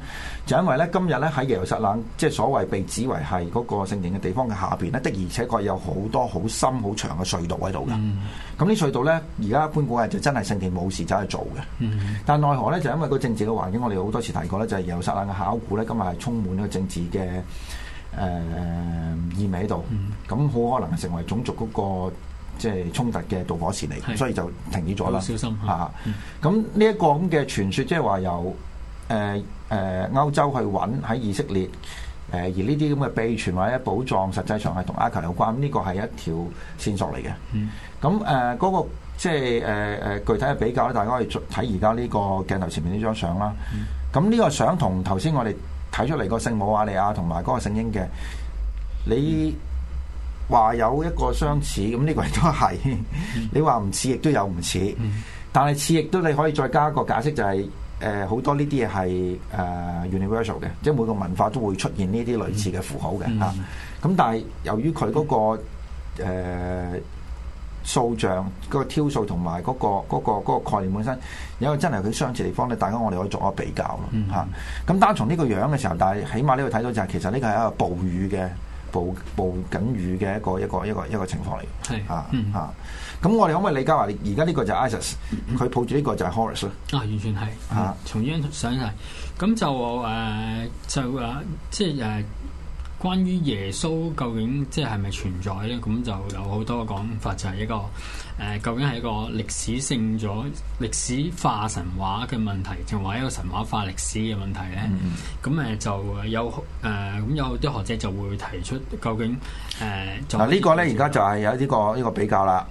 就因為咧今日咧喺耶路撒冷，即係所謂被指為係嗰個聖殿嘅地方嘅下邊咧，的而且確有好多好深好長嘅隧道喺度嘅。咁呢、嗯、隧道咧，而家潘古亞就真係聖殿冇事走去做嘅。嗯、但奈何咧就因為個政治嘅環境，我哋好多次提過咧，就係、是、耶路撒冷嘅考古咧，今日係充滿咗政治嘅誒、呃、意味喺度。咁好、嗯、可能成為種族嗰、那個。即係衝突嘅導火線嚟，是所以就停止咗啦。小心嚇！咁呢一個咁嘅傳説，即係話由誒誒歐洲去揾喺以色列誒、呃，而呢啲咁嘅秘傳或者寶藏，實際上係同阿強有關。呢個係一條線索嚟嘅。咁誒嗰個即係誒誒具體嘅比較咧，大家可以睇而家呢個鏡頭前面呢張相啦。咁呢、嗯、個相同頭先我哋睇出嚟嗰聖母瑪利亞同埋嗰個聖嬰嘅，你。嗯話有一個相似，咁呢、嗯、個亦都係。你話唔似，亦都有唔似。嗯、但係似，亦都你可以再加一個解釋、就是，就係誒好多呢啲嘢係誒 universal 嘅，即係每個文化都會出現呢啲類似嘅符號嘅嚇。咁、嗯啊、但係由於佢嗰、那個誒、呃、數像嗰、那個挑數同埋嗰個嗰、那個那個、概念本身，有個真係佢相似地方咧，大家我哋可以做一比較咯嚇。咁、啊啊、單從呢個樣嘅時候，但係起碼你會睇到就係、是、其實呢個係一個暴雨嘅。暴暴緊雨嘅一個一個一個一個情況嚟嘅，係啊是啊，咁、嗯嗯、我哋可唔可以理解話，而家呢個就係 ISIS，佢抱住呢個就係 Horace
啦，啊，完全係啊，從呢張相嚟，咁就誒、啊，就啊即係誒。啊關於耶穌究竟即係咪存在咧？咁就有好多講法，就係、是、一個誒、呃，究竟係一個歷史性咗、歷史化神話嘅問題，定話一個神話化歷史嘅問題咧？咁誒、嗯、就有誒咁、呃、有好多學者就會提出究竟誒嗱、呃、呢、呢個咧，而
家就係有呢個呢個比較啦。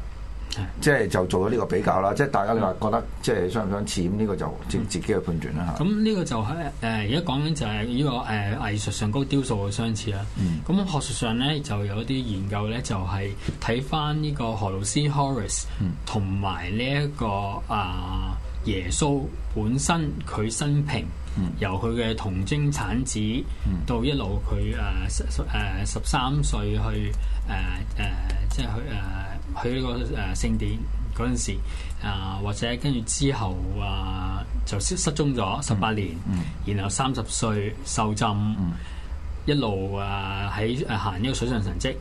即係就做咗呢個比較啦，即係大家你話覺得即係相唔相似呢、這個就自自己嘅判斷啦，咁
呢、嗯、個就喺、是、誒，而、呃、家講緊就係呢、這個誒藝術上高雕塑嘅相似啦。咁、嗯、學術上咧就有一啲研究咧，就係睇翻呢個何路斯 Horus，同埋呢、嗯、一、這個啊、呃、耶穌本身佢生平，嗯、由佢嘅童貞產子，嗯、到一路佢誒誒十三歲去誒誒、啊啊啊，即係去誒。啊啊去呢個誒聖典嗰陣時，啊或者跟住之後啊就失失蹤咗十八年，然後三十歲受浸，一路啊喺行呢個水上神跡。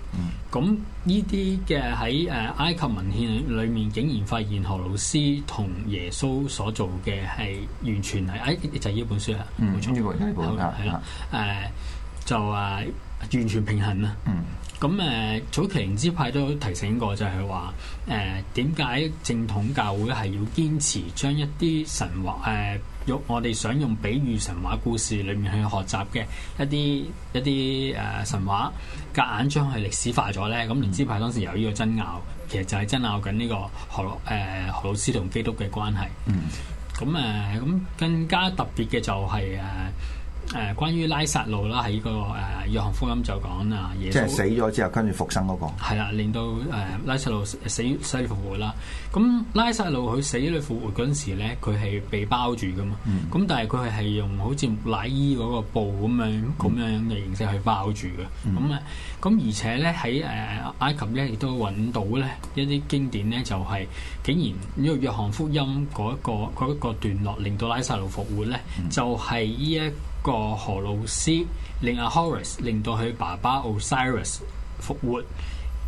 咁呢啲嘅喺誒埃及文獻裏面，竟然發現荷魯斯同耶穌所做嘅係完全係誒，就係呢本書啦，冇錯住部呢部㗎，啦誒就啊～完全平衡啦。咁誒、嗯，早期靈知派都提醒過就，就係話誒點解正統教會係要堅持將一啲神話誒，用、呃、我哋想用比喻神話故事裡面去學習嘅一啲一啲誒、呃、神話，夾硬將佢歷史化咗咧。咁靈知派當時有呢個爭拗，其實就係爭拗緊呢個何誒、呃、何老師同基督嘅關係。咁誒、嗯，咁、嗯嗯嗯、更加特別嘅就係、是、誒。呃誒、呃，關於拉撒路啦，喺個誒《約翰福音》就講啊，即係死
咗之後，跟住復生嗰、那個啦、
嗯，令到誒、呃、拉撒路死死咗復活啦。咁、啊、拉撒路佢死咗復活嗰陣時咧，佢係被包住噶嘛。咁、嗯、但係佢係係用好似木乃伊嗰個布咁樣咁、嗯、樣嘅形式去包住嘅。咁、嗯嗯、啊，咁而且咧喺誒埃及咧，亦都揾到咧一啲經典咧，就係竟然呢喺《約翰福音、那個》嗰一個嗰一個段落，令到拉撒路復活咧，就係、是、依一。個荷魯斯令阿 Horus 令到佢爸爸 Osiris 復活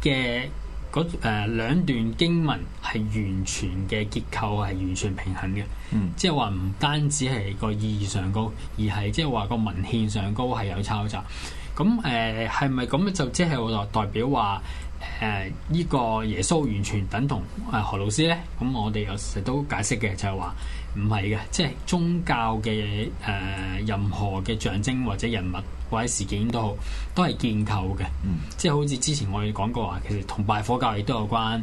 嘅嗰，誒兩段經文係完全嘅，結構係完全平衡嘅，嗯、即係話唔單止係個意義上高，而係即係話個文獻上高係有抄襲。咁誒係咪咁就即係代表話誒呢個耶穌完全等同誒、呃、荷魯斯咧？咁我哋有時都解釋嘅就係、是、話。唔係嘅，即係宗教嘅誒、呃，任何嘅象徵或者人物或者事件都好，都係建構嘅。嗯，即係好似之前我哋講過話，其實同拜火教亦都有關，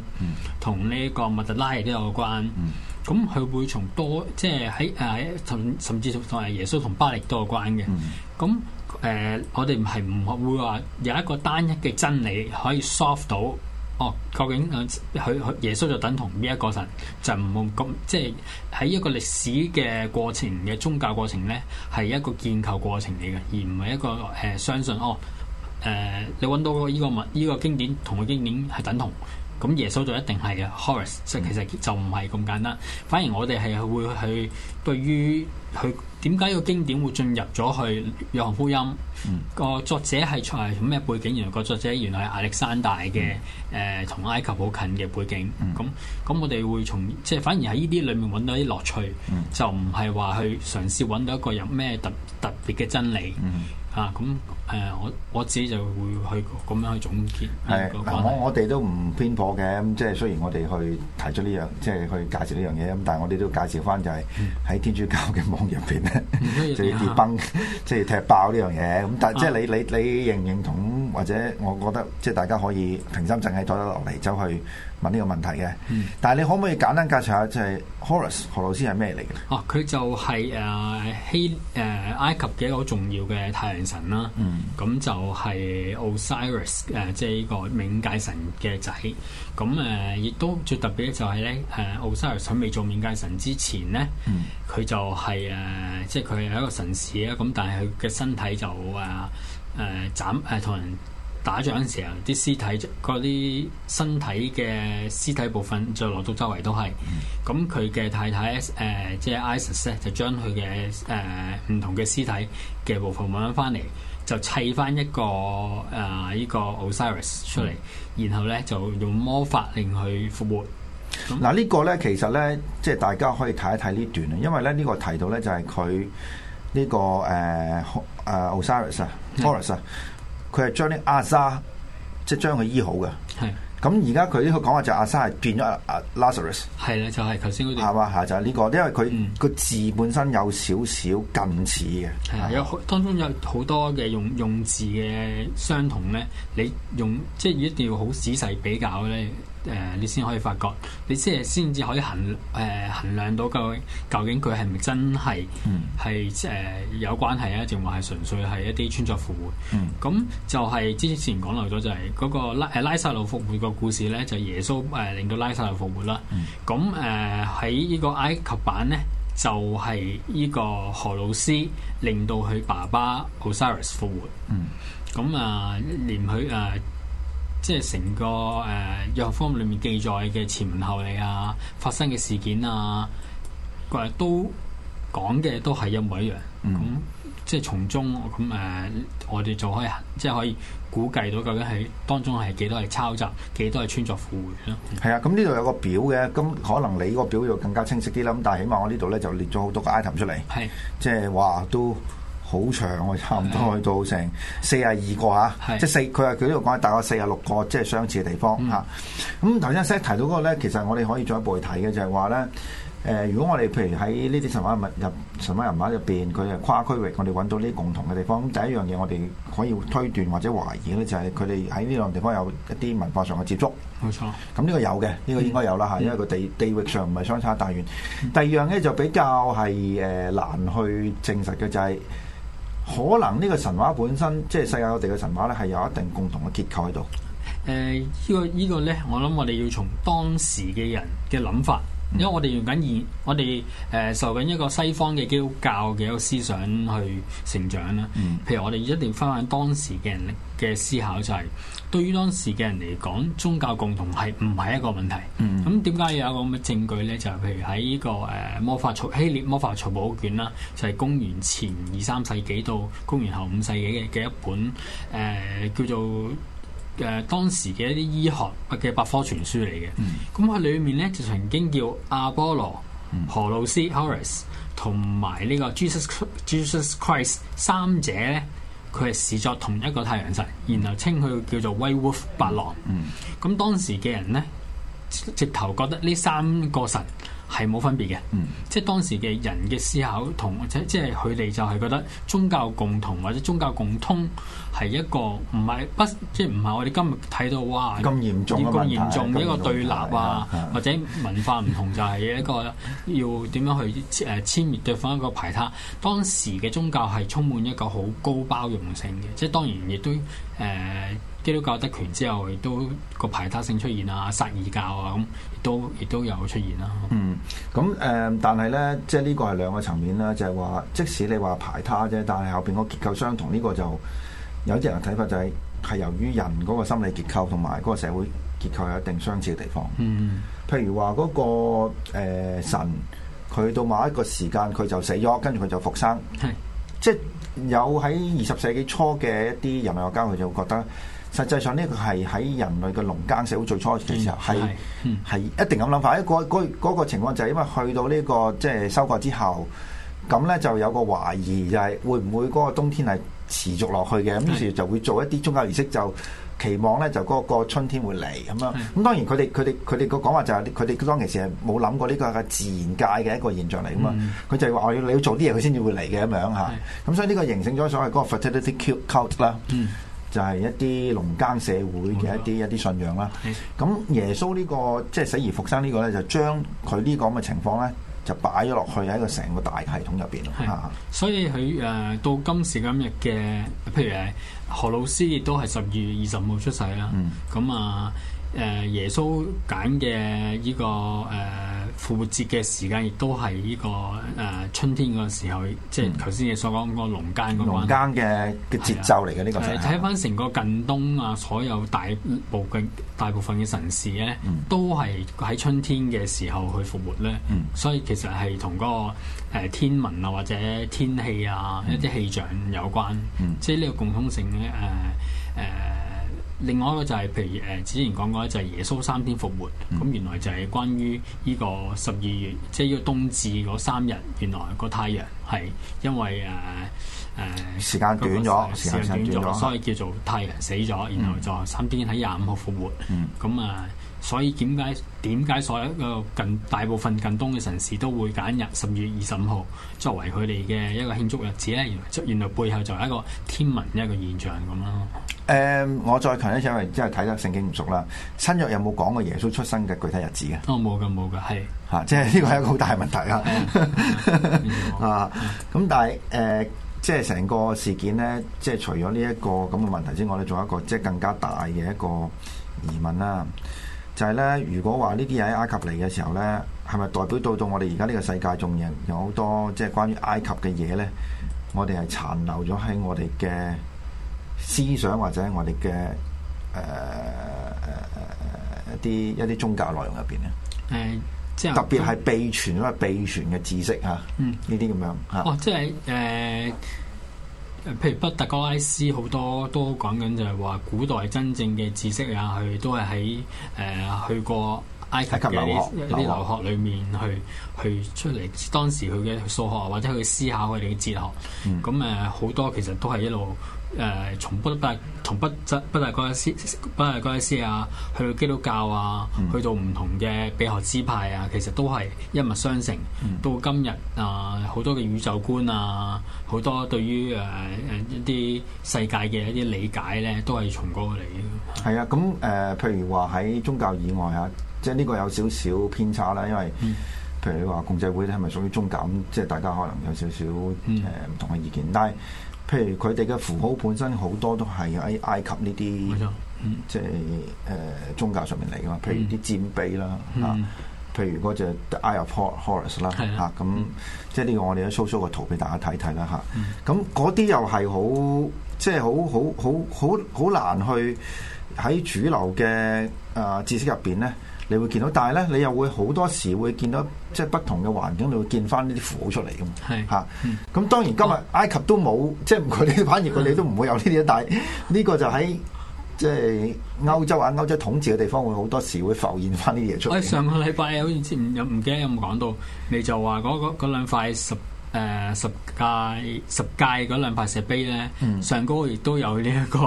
同呢、嗯、個密特拉亦都有關。嗯，咁佢、嗯、會從多，即係喺誒，甚甚至乎係耶穌同巴力都有關嘅。嗯，咁誒、呃，我哋唔係唔會話有一個單一嘅真理可以 solve 到。哦，究竟佢佢耶穌就等同呢一個神？就唔會咁，即係喺一個歷史嘅過程嘅宗教過程咧，係一個建構過程嚟嘅，而唔係一個誒、呃、相信哦誒、呃，你揾到嗰、這個依個文依個經典同個經典係等同，咁耶穌就一定係 Horus 即係，其實就唔係咁簡單，反而我哋係會去對於。佢點解個經典會進入咗去《約翰福音》嗯？個作者係從咩背景？原來個作者原來係亞歷山大嘅，誒同、嗯呃、埃及好近嘅背景。咁咁、嗯，嗯、我哋會從即係反而喺呢啲裡面揾到啲樂趣，嗯、就唔係話去嘗試揾到一個有咩特特別嘅真理。嚇咁誒，我我自己就會去咁樣去總結係。係
我哋都唔偏頗嘅。咁即係雖然我哋去提出呢、這、樣、個，即係去介紹呢樣嘢。咁但係我哋都介紹翻就係喺天主教嘅。嗯嗯空入邊咧，就要 debunk，即係踢爆呢樣嘢。咁但係，即係你你你認唔認同？或者我覺得即係大家可以平心靜氣坐得落嚟走去問呢個問題嘅。嗯、但係你可唔可以簡單介紹下即係 Horus 荷魯斯係咩嚟嘅？哦、
啊，佢就係、是、誒、啊、希誒、啊、埃及嘅一個好重要嘅太陽神啦。咁、嗯嗯、就係 Osiris 誒、啊，即係呢個冥界神嘅仔。咁誒亦都最特別咧就係、是、咧誒、啊、Osiris 未做冥界神之前咧，佢、嗯嗯、就係、是、誒、啊、即係佢係一個神使啦。咁但係佢嘅身體就啊～誒、呃、斬誒同、呃、人打仗嗰陣時候，啲屍體嗰啲身體嘅屍體部分就落到周圍都係咁。佢嘅太太誒、呃，即係 Isis 咧，就將佢嘅誒唔同嘅屍體嘅部分揾翻翻嚟，就砌翻一個誒依、呃、個 Osiris 出嚟，然後咧就用魔法令佢復活。嗱、呃這
個、呢個咧其實咧，即係大家可以睇一睇呢段啊，因為咧呢、這個提到咧就係佢呢個誒誒 Osiris 啊。呃呃 Os Horus 啊，佢係將啲阿沙即係將佢醫好嘅。係是。咁而家佢講話就阿沙係變咗阿阿 Lazarus。係啦，就係頭先嗰段。係嘛？嚇，就係呢個，因為佢個、嗯、字本身有少少近似
嘅。係啊，有當中有好多嘅用用字嘅相同咧，你用即係一定要好仔細比較咧。誒、呃，你先可以發覺，你先係先至可以衡誒、呃、衡量到個究竟佢係咪真係係誒有關係啊？定話係純粹係一啲穿鑿附會？咁、嗯、就係之前講漏咗，就係嗰個拉誒拉撒路復活個故事咧，就耶穌誒、呃、令到拉撒路復活啦。咁誒喺呢個埃及版咧，就係、是、呢個荷魯斯令到佢爸爸 Osiris 復活。嗯，咁啊、嗯呃，連佢誒。呃呃呃呃即係成個誒藥方裏面記載嘅前文後理啊，發生嘅事件啊，誒都講嘅都係一模一樣。咁、嗯、即係從中咁誒、呃，我哋就可以即係可以估計到究竟係當中係幾多係抄襲，幾多係穿作附會咯。
係啊，咁呢度有個表嘅，咁可能你個表要更加清晰啲啦。咁但係起碼我呢度咧就列咗好多個 item 出嚟，係即係話都。好長我差唔多去到成四十二個嚇，的即係四，佢話佢呢度講大概四十六個，即係相似嘅地方嚇。咁頭先 Zeke 提到嗰個咧，其實我哋可以進一步去睇嘅就係話咧，誒、呃，如果我哋譬如喺呢啲神話人物入神話人物入邊，佢係跨區域，我哋揾到呢共同嘅地方。第一樣嘢我哋可以推斷或者懷疑咧，就係佢哋喺呢兩個地方有一啲文化上嘅接觸。冇錯、嗯。咁呢個有嘅，呢、這個應該有啦嚇，嗯、因為佢地、嗯、地域上唔係相差大遠。第二樣咧就比較係誒難去證實嘅就係、是。可能呢個神話本身，即係世界各地嘅神話咧，係有一定共同嘅結構喺度、
呃。誒、依個，依、依個呢個咧，我諗我哋要從當時嘅人嘅諗法。因為我哋用緊現，我哋誒受緊一個西方嘅基督教嘅一個思想去成長啦。嗯、譬如我哋一定要翻返當時嘅人嘅思考，就係、是、對於當時嘅人嚟講，宗教共同係唔係一個問題。咁點解要有一個咁嘅證據咧？就係、是、譬如喺呢個誒魔法曹希臘魔法曹寶卷啦，就係、是、公元前二三世紀到公元後五世紀嘅嘅一本誒、呃、叫做。嘅當時嘅一啲醫學嘅百科全書嚟嘅，咁喺、嗯、裡面咧就曾經叫阿波羅、何魯、嗯、斯 （Horus） 同埋呢個 Jesus、Jesus Christ 三者咧，佢係視作同一個太陽神，然後稱佢叫做 White Wolf 白狼咁、嗯嗯、當時嘅人咧，直頭覺得呢三個神係冇分別嘅、嗯，即係當時嘅人嘅思考同即係即係佢哋就係覺得宗教共同或者宗教共通係一個唔係不，不即係唔係我哋今日睇到哇咁嚴重嘅一個對立啊，或者文化唔同就係一個要點樣去誒殲滅對方一個排他。 當時嘅宗教係充滿一個好高包容性嘅，即係當然亦都誒、呃、基督教得權之後亦都個排他性出現啊，殺異教啊咁。都亦都有出現
啦、嗯。嗯，咁誒，但係咧，即係呢個係兩個層面啦，就係話，即使你話排他啫，但係後邊個結構相同，呢、呢個就有啲人嘅睇法就係，係由於人嗰個心理結構同埋嗰個社會結構有一定相似嘅地方。嗯，譬如話嗰、嗰個、呃、神，佢到某一個時間佢就死咗，跟住佢就復生。係是，即係有喺二十世紀初嘅一啲人文學家，佢就會覺得。實際上呢個係喺人類嘅農耕社會最初嘅時候，係係、嗯嗯、一定咁諗法。一、那個嗰、那個情況就係因為去到呢、這個即係、就是、收割之後，咁咧就有個懷疑，就係會唔會嗰個冬天係持續落去嘅？咁於是就會做一啲宗教儀式，就期望咧就嗰、那個那個春天會嚟咁樣。咁當然佢哋佢哋佢哋個講話就係佢哋當其時係冇諗過呢、這個係自然界嘅一個現象嚟噶嘛。佢就係話要你要做啲嘢佢先至會嚟嘅咁樣嚇。咁是所以呢個形成咗所謂嗰個 fertility cult 啦。嗯。就係一啲農耕社會嘅一啲 一啲信仰啦。咁 耶穌呢、這個即係、就是、死而復生呢、這個咧，就將佢呢個咁嘅情況咧，就擺咗落去喺個成個大系統入邊咯。是啊、
所以佢誒、呃、到今時今日嘅，譬如誒荷魯斯亦都係十二月二十五號出世啦。嗯，咁啊。誒耶穌揀嘅呢個誒復活節嘅時間，亦都係呢個誒春天個時候，嗯、即係頭先你所講個農間嘅關。農間嘅
嘅節奏嚟嘅呢個真係。睇翻
成個近東啊，所有大部嘅大部分嘅神祇，咧、嗯，都係喺春天嘅時候去復活咧。嗯、所以其實係同嗰個天文啊或者天氣啊、嗯、一啲氣象有關。嗯、即係呢個共通性咧誒誒。呃呃呃呃呃另外一個就係，譬如誒之前講過咧，就係耶穌三天復活，咁、嗯、原來就係關於呢個十二月，即係呢個冬至嗰三日，原來個太陽係因為誒誒、啊啊、時間短咗，時間短咗，短所以叫做太陽死咗，嗯、然後就三天喺廿五號復活，咁、嗯、啊。所以點解點解所有一個近大部分近東嘅城市都會揀日十二月二十五號作為佢哋嘅一個慶祝日子咧？原來原來背後就係一個天文嘅一個現象咁咯。
誒、嗯，我再強一，因為即係睇得聖經唔熟啦。新約有冇講過耶穌出生嘅具體日子嘅？
哦，冇噶，冇噶，係
嚇、啊，即係呢個係一個好大問題 啊！啊，咁但係誒，即係成個事件咧，即係除咗呢一個咁嘅問題之外，咧仲有一個即係更加大嘅一個疑問啦、啊。就係咧，如果話呢啲嘢喺埃及嚟嘅時候咧，係咪代表到到我哋而家呢個世界仲仍有好多即係、就是、關於埃及嘅嘢咧？我哋係殘留咗喺我哋嘅思想或者我哋嘅誒一啲一啲宗教內容入邊咧。
誒、
呃，即係特別係秘傳，因為秘傳嘅知識嚇，嗯，呢啲咁樣嚇。哦，啊、
即係誒。Uh, 誒，譬如畢達哥拉斯好多都講緊就係話，古代真正嘅知識啊，佢都係喺誒去過埃及嘅有啲留學裏面去去出嚟，當時佢嘅數學或者佢思考佢哋嘅哲學，咁誒好多其實都係一路。誒從畢達從畢達哥拉斯，畢達哥拉斯啊，去到基督教啊，嗯、去到唔同嘅比學支派啊，其實都係一脈相承。嗯、到今日啊，好、呃、多嘅宇宙觀啊，好多對於誒誒、呃、一啲世界嘅一啲理解咧，都係從嗰個嚟
嘅。係啊，咁誒、呃、譬如話喺宗教以外啊，即係呢個有少少偏差啦，因為譬如你話共濟會咧係咪屬於宗教？即係大家可能有少少誒唔、呃、同嘅意見，但係。譬如佢哋嘅符號本身好多都係喺埃及呢啲，嗯、即係誒、呃、宗教上面嚟噶嘛。譬如啲戰碑啦，啊，譬如嗰隻 Eye of Horus 啦，嚇咁，即係呢個我哋都 show show 個圖俾大家睇睇啦，嚇。咁嗰啲又係好，即係好好好好好難去。喺主流嘅啊、呃、知識入邊咧，你會見到，但係咧，你又會好多時會見到，即係不同嘅環境，你會見翻呢啲符號出嚟嘅嘛。係嚇是，咁、啊、當然今日埃及都冇，即係唔佢呢啲反而佢哋都唔會有呢啲。嗯、但係呢個就喺即係歐洲啊，歐洲統治嘅地方，會好多時會浮現
翻呢啲嘢出嚟。我上個禮拜好似唔有唔記得有冇講到，你就話嗰個兩塊十。誒、呃、十誡十誡嗰兩塊石碑咧，嗯、上高亦都有呢、這、一個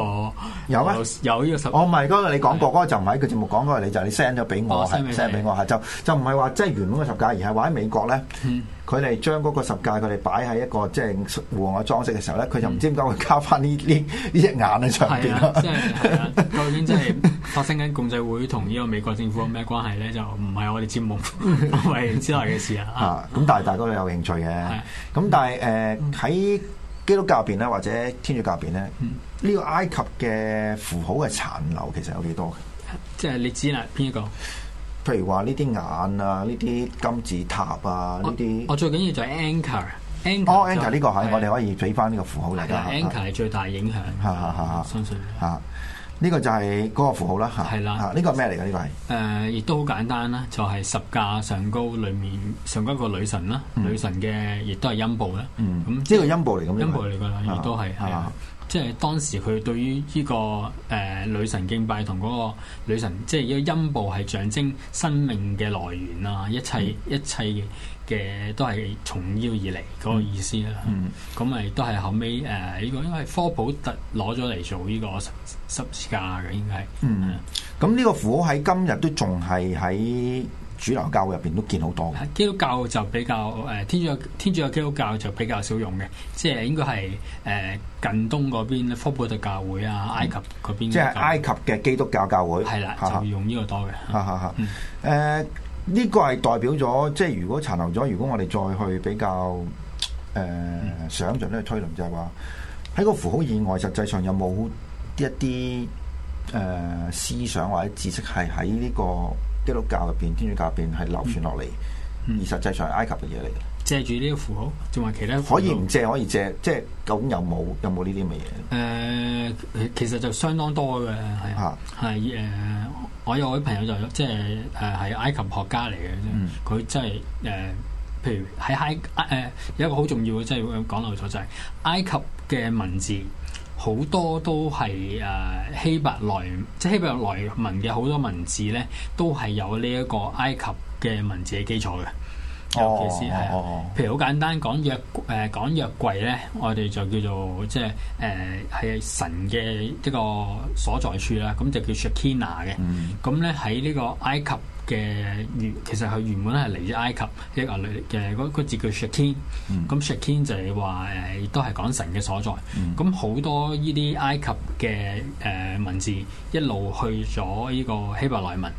有啊嗎，有呢個十誡。我唔係嗰個你講過嗰是個就唔係個節目講嗰個，你就你、oh, send 咗俾我，send 俾我。就就唔係話即係原本嘅十誡，而係話喺美國咧。嗯佢哋將嗰個十戒佢哋擺喺一個即係戶外裝飾嘅時候咧，佢就唔知點解會加翻呢啲呢隻眼喺上邊，即
係究竟，即係、啊、發生緊共濟會同呢個美國政府有咩關係咧？就唔係我哋節目為之外嘅事啊。
咁但係大家都有興趣嘅。咁、嗯、但係誒喺基督教入邊咧，或者天主教入邊咧，呢、嗯、個埃及嘅符號嘅殘留其實有幾多嘅、嗯？
即係你指嗱邊一個？
譬如話呢啲眼啊，呢啲金字塔啊，呢啲我
最緊要就係 Anchor，哦 Anchor 呢
個係，我哋可以俾翻呢個符號嚟噶，Anchor
係最大影響，
相信吓呢個就係嗰個符號啦，係啦，呢個係咩嚟噶呢個係？
誒，亦都好簡單啦，就係十架上高裏面上高個女神啦，女神嘅亦都係陰部啦。嗯，咁即係個陰部嚟咁樣，陰部嚟噶啦，亦都係係啊。即係當時佢對於呢個誒、呃呃、女神敬拜同嗰個女神，即係呢個陰部係象徵生命嘅來源啊，一切、嗯、一切嘅都係從腰而嚟嗰個意思啦。咁咪都係後尾，誒呢個，因為科普特攞咗嚟做呢、呢個十字架嘅應該係。嗯，
咁呢個符號喺今日都仲係喺主流教會入邊都見好多嘅，
基督教就比較誒天主教，天主教基督教就比較少用嘅，即係應該係誒、呃、近東嗰邊科普特教會啊，埃及嗰邊、嗯、即係
埃及嘅基督教教會，係啦、啊，就用呢個多嘅，好好好，誒呢個係代表咗，即、就、係、是、如果殘留咗，如果我哋再去比較誒、呃嗯、想像咧，推論就係話喺個符號以外，實際上有冇一啲誒、呃、思想或者知識係喺呢個？基督教入邊、天主教入邊係流傳落嚟，而、嗯嗯、實際上係埃及嘅嘢嚟嘅。
借住呢個符號，
仲話其他符號可以唔借可以借，即係究竟有冇有冇呢啲咁嘅嘢？
誒、呃，其實就相當多嘅，係啊，係、呃、我有位朋友就即係誒係埃及學家嚟嘅啫，佢真係誒，譬如喺埃及有一個好重要嘅，即、就、係、係、講漏咗就係、係、埃及嘅文字。好多都係誒、啊、希伯來即係希伯來文嘅好多文字咧，都係有呢一個埃及嘅文字嘅基礎嘅，
哦、尤其是係、哦、
譬如好簡單講約誒講約櫃咧，我哋就叫做即係誒係神嘅一個所在處啦，咁就叫 Shakina 嘅，咁咧喺呢個埃及嘅原其實佢原本係嚟自埃及一個嘅嗰個,個,個字叫 Shakin 咁 Shakin 就係話誒都係講神嘅所在，咁好、mm. 多呢啲埃及嘅誒、呃、文字一路去咗呢個希伯來文。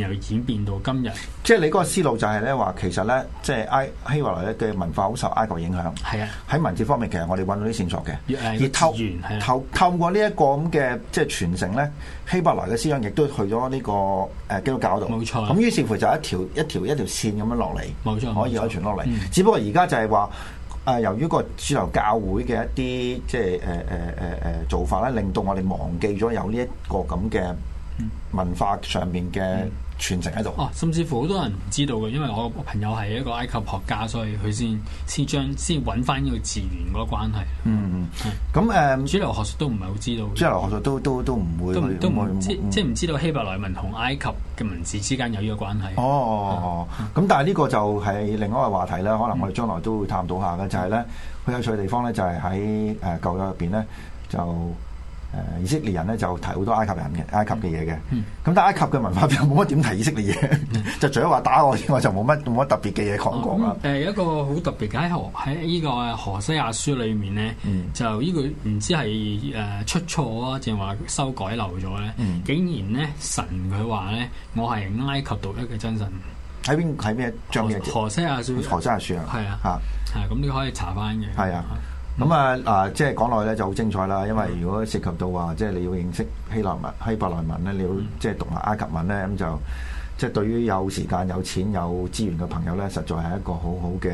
由以前變到今
日，即係你嗰個思路就係咧話，其實咧，即係希伯來咧嘅文化好受埃及影響。係啊，喺文字方面，其實我哋揾到啲線索嘅，而透、啊、透透過呢一個咁嘅即係傳承咧，希伯來嘅思想亦都去咗呢、這個誒基督教度。冇錯、啊。咁於是乎就是一條一條一條線咁樣落嚟，冇錯、啊，可以咁傳落嚟。啊、只不過而家就係話，誒、呃、由於個主流教會嘅一啲即係誒誒誒誒做法咧，令到我哋忘記咗有呢一個咁嘅文化上面嘅。嗯嗯傳承喺度，
哦、啊，甚至乎好多人唔知道嘅，因為我朋友係一個埃及學家，所以佢先先將先揾翻呢個字源嗰個關係、
嗯。
嗯是嗯，咁誒主流學術都唔係好知道，
主流學術都都都唔會，都唔會，嗯、即
即唔知道希伯來文同埃及嘅文字之間有呢個關係。哦
哦哦，咁但係呢個就係另外一個話題啦，可能我哋將來都會探討下嘅，就係咧好有趣嘅地方咧，就係喺誒舊約入邊咧就。誒以色列人咧就提好多埃及人嘅埃及嘅嘢嘅，咁但埃及嘅文化就冇乜點提以色列嘢，就除咗話打我之外就冇乜冇乜特別嘅嘢講講
啦。誒一個好特別喺何喺呢個《何西亞書》裏面咧，就呢句唔知係誒出錯啊，定話修改漏咗咧，竟然咧神佢話咧，我係埃及獨一嘅真神。
喺邊喺咩章嘅？何西亞書何西亞書啊，係啊，
係咁你可以查翻嘅，
係啊。咁啊、嗯嗯、啊，即係講落去咧就好精彩啦！因為如果涉及到話，即係你要認識希臘文、希伯來文咧，你要、嗯、即係讀埋埃及文咧，咁就即係對於有時間、有錢、有資源嘅朋友咧，實在係一個好好嘅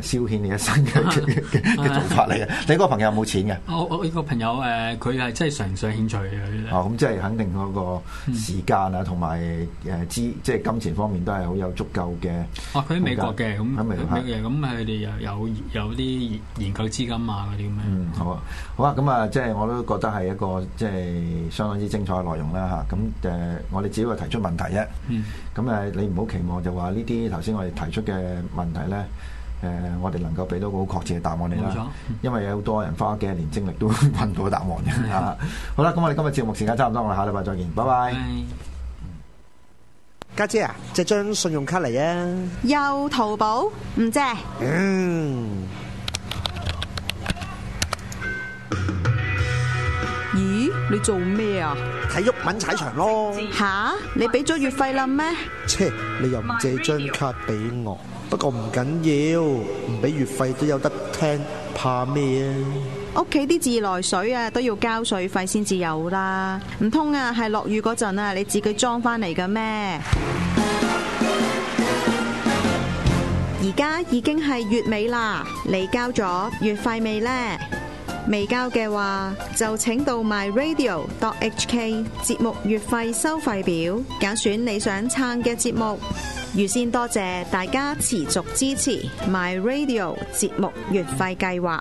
誒消遣你一生嘅嘅做法嚟嘅，你 個朋友有冇錢嘅？
我我呢個朋友誒，佢、呃、係真係純粹興趣嘅。哦、嗯，咁、啊、即係肯定嗰個時間啊，同埋
誒資，即係金錢方面都係好有足夠嘅。哦、啊，佢喺美國嘅，咁、嗯、喺美國
嘅，咁佢哋有有有啲研究資金啊嗰啲咩？嗯，
好啊，好啊，咁啊，即係我都覺得係一個即係相當之精彩嘅內容啦、啊、嚇。咁誒，我哋只係提出問題啫、啊。咁誒，你唔好期望就話呢啲頭先我哋提出嘅問題咧。誒，我哋能夠俾到個好確切嘅答案你啦，錯因為有好多人花幾廿年精力都揾唔到答案嘅 好啦，咁我哋今日節目時間差唔多，我哋下禮拜再見，拜拜。家姐啊，借張信用卡嚟
啊！又淘寶唔借？嗯、咦？你做咩啊？睇毓民踩場咯。吓？你俾咗月費啦咩？
切！你又唔借張卡俾我？不過唔緊要，唔俾月費都有得聽，怕咩啊？
屋企啲自來水啊都要交水費先至有啦，唔通啊係落雨嗰陣啊你自己裝翻嚟嘅咩？而家已經係月尾啦，你交咗月費未呢？未交嘅話就請到 myradio.hk 節目月費收費表，揀選你想撐嘅節目。預先多謝大家持續支持 My Radio 節目月費計劃。